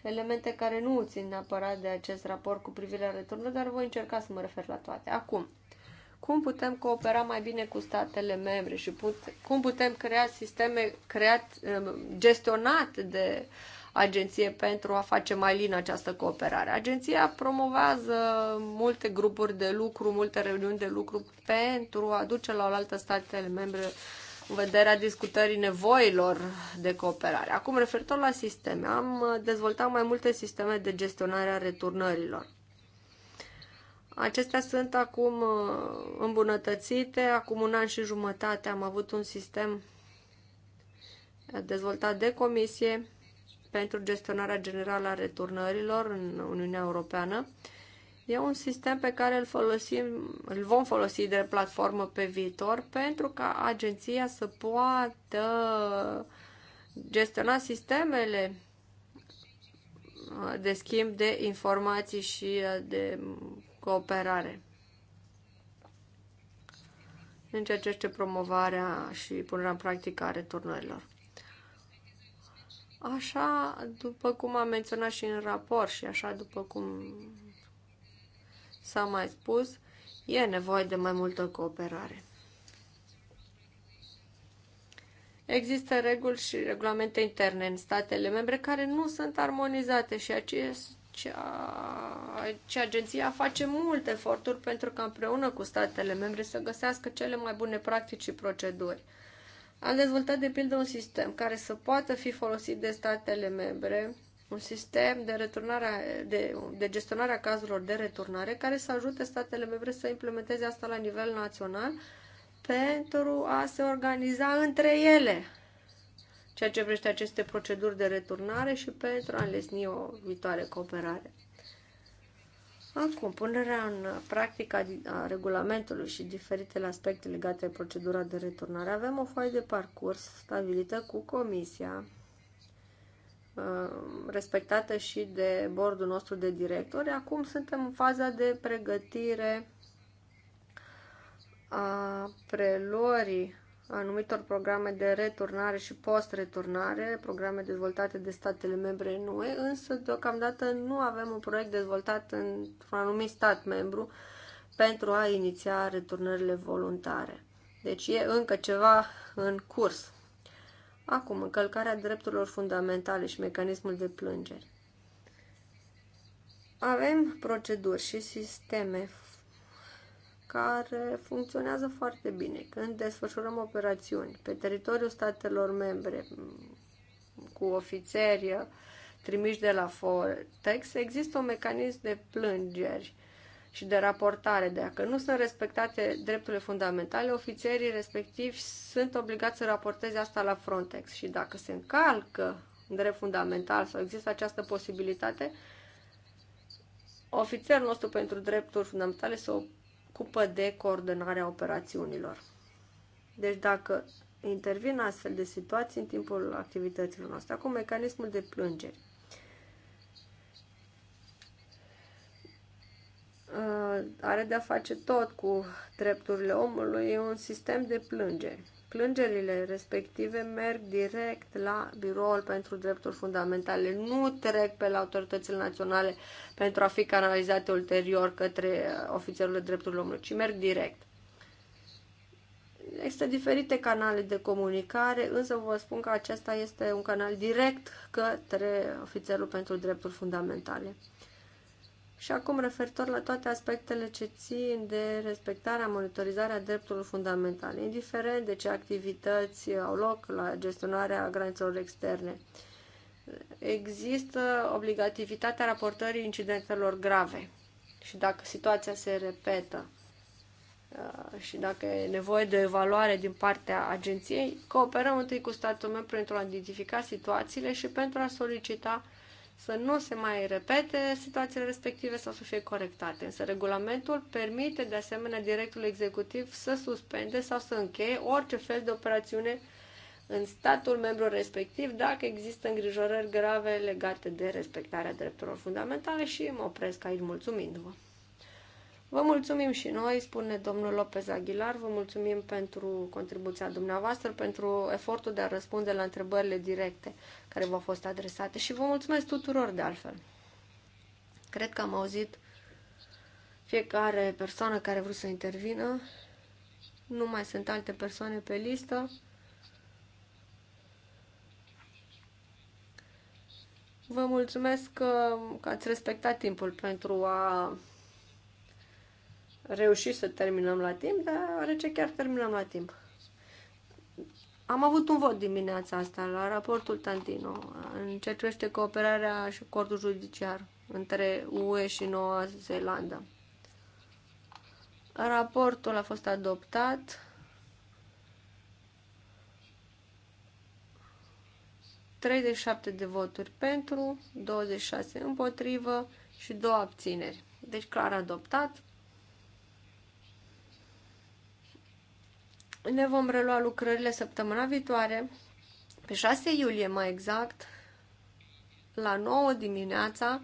elemente care nu țin neapărat de acest raport cu privire la returnă, dar voi încerca să mă refer la toate. Acum, cum putem coopera mai bine cu statele membre și put, cum putem crea sisteme creat, gestionate de uh, agenție pentru a face mai lină această cooperare. Agenția promovează multe grupuri de lucru, multe reuniuni de lucru pentru a duce la oaltă statele membre în vederea discutării nevoilor de cooperare. Acum, referitor la sisteme, am dezvoltat mai multe sisteme de gestionare a returnărilor. Acestea sunt acum uh, îmbunătățite. Acum un an și jumătate am avut un sistem dezvoltat de comisie pentru gestionarea generală a returnărilor în Uniunea Europeană. E un sistem pe care îl, folosim, îl vom folosi de platformă pe viitor pentru ca agenția să poată gestiona sistemele uh, de schimb de informații și uh, de cooperare în ceea ce este promovarea și punerea în practică a returnărilor. Așa, după cum am menționat și în raport și așa după cum s-a mai spus, e nevoie de mai multă cooperare. Există reguli și regulamente interne în statele membre care nu sunt armonizate și acest, ce agenția face multe eforturi pentru ca împreună cu statele membre să găsească cele mai bune practici și proceduri. Am dezvoltat, de pildă, un sistem care să poată fi folosit de statele membre, un sistem de, returnare, de, de gestionare a cazurilor de returnare care să ajute statele membre să implementeze asta la nivel național pentru a se organiza între ele ceea ce privește aceste proceduri de returnare și pentru a înlesni o viitoare cooperare. Acum, punerea în practică a regulamentului și diferitele aspecte legate de procedura de returnare, avem o foaie de parcurs stabilită cu comisia, uh, respectată și de bordul nostru de directori. Acum suntem în faza de pregătire a preluării anumitor programe de returnare și post-returnare, programe dezvoltate de statele membre în UE, însă deocamdată nu avem un proiect dezvoltat într-un anumit stat membru pentru a iniția returnările voluntare. Deci e încă ceva în curs. Acum, încălcarea drepturilor fundamentale și mecanismul de plângeri. Avem proceduri și sisteme care funcționează foarte bine. Când desfășurăm operațiuni pe teritoriul statelor membre mm, cu ofițeri uh, trimiși de la Fortex, există un mecanism de plângeri și de raportare. Dacă nu sunt respectate drepturile fundamentale, ofițerii respectivi sunt obligați să raporteze asta la Frontex și dacă se încalcă în drept fundamental sau există această posibilitate, ofițerul nostru pentru drepturi fundamentale se ocupă de coordonarea operațiunilor. Deci dacă intervin astfel de situații în timpul activităților noastre. Acum, mecanismul de plângeri. Uh, are de-a face tot cu drepturile omului, e un sistem de plângeri plângerile respective merg direct la biroul pentru drepturi fundamentale, nu trec pe la autoritățile naționale pentru a fi canalizate ulterior către uh, ofițerul de drepturile omului, ci merg direct. Există diferite canale de comunicare, însă vă spun că acesta este un canal direct către ofițerul pentru drepturi fundamentale. Și acum referitor la toate aspectele ce țin de respectarea, monitorizarea drepturilor fundamentale, indiferent de ce activități au loc la gestionarea granițelor externe. Există obligativitatea raportării incidentelor grave și dacă situația se repetă uh, și dacă e nevoie de o evaluare din partea agenției, cooperăm întâi cu statul membru pentru a identifica situațiile și pentru a solicita uh, să nu se mai repete situațiile respective sau să fie corectate. Însă regulamentul permite de asemenea directul executiv să suspende sau să încheie orice fel de operațiune în statul membru respectiv dacă există îngrijorări grave legate de respectarea drepturilor fundamentale și mă opresc aici mulțumindu-vă. Vă mulțumim și noi, spune domnul Lopez Aguilar, vă mulțumim pentru contribuția dumneavoastră, pentru efortul de a răspunde la întrebările directe care v-au fost adresate și vă mulțumesc tuturor de altfel. Cred că am auzit fiecare persoană care a vrut să intervină. Nu mai sunt alte persoane pe listă. Vă mulțumesc că, că ați respectat timpul pentru a reușit să terminăm la timp, dar ce chiar terminăm la timp. Am avut un vot dimineața asta la raportul Tantino în ce privește cooperarea și cortul judiciar între UE și Noua Zeelandă. Raportul a fost adoptat ...37 de voturi pentru, 26 împotrivă și două abțineri. Deci clar adoptat. Ne vom relua lucrările săptămâna viitoare, pe 6 iulie mai exact, la 9 dimineața,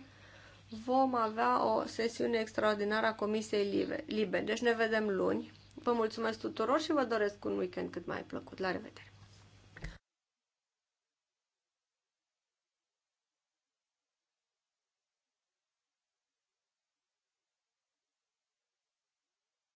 vom avea o sesiune extraordinară a Comisiei Libe. Deci ne vedem luni. Vă mulțumesc tuturor și vă doresc un weekend cât mai plăcut. La revedere!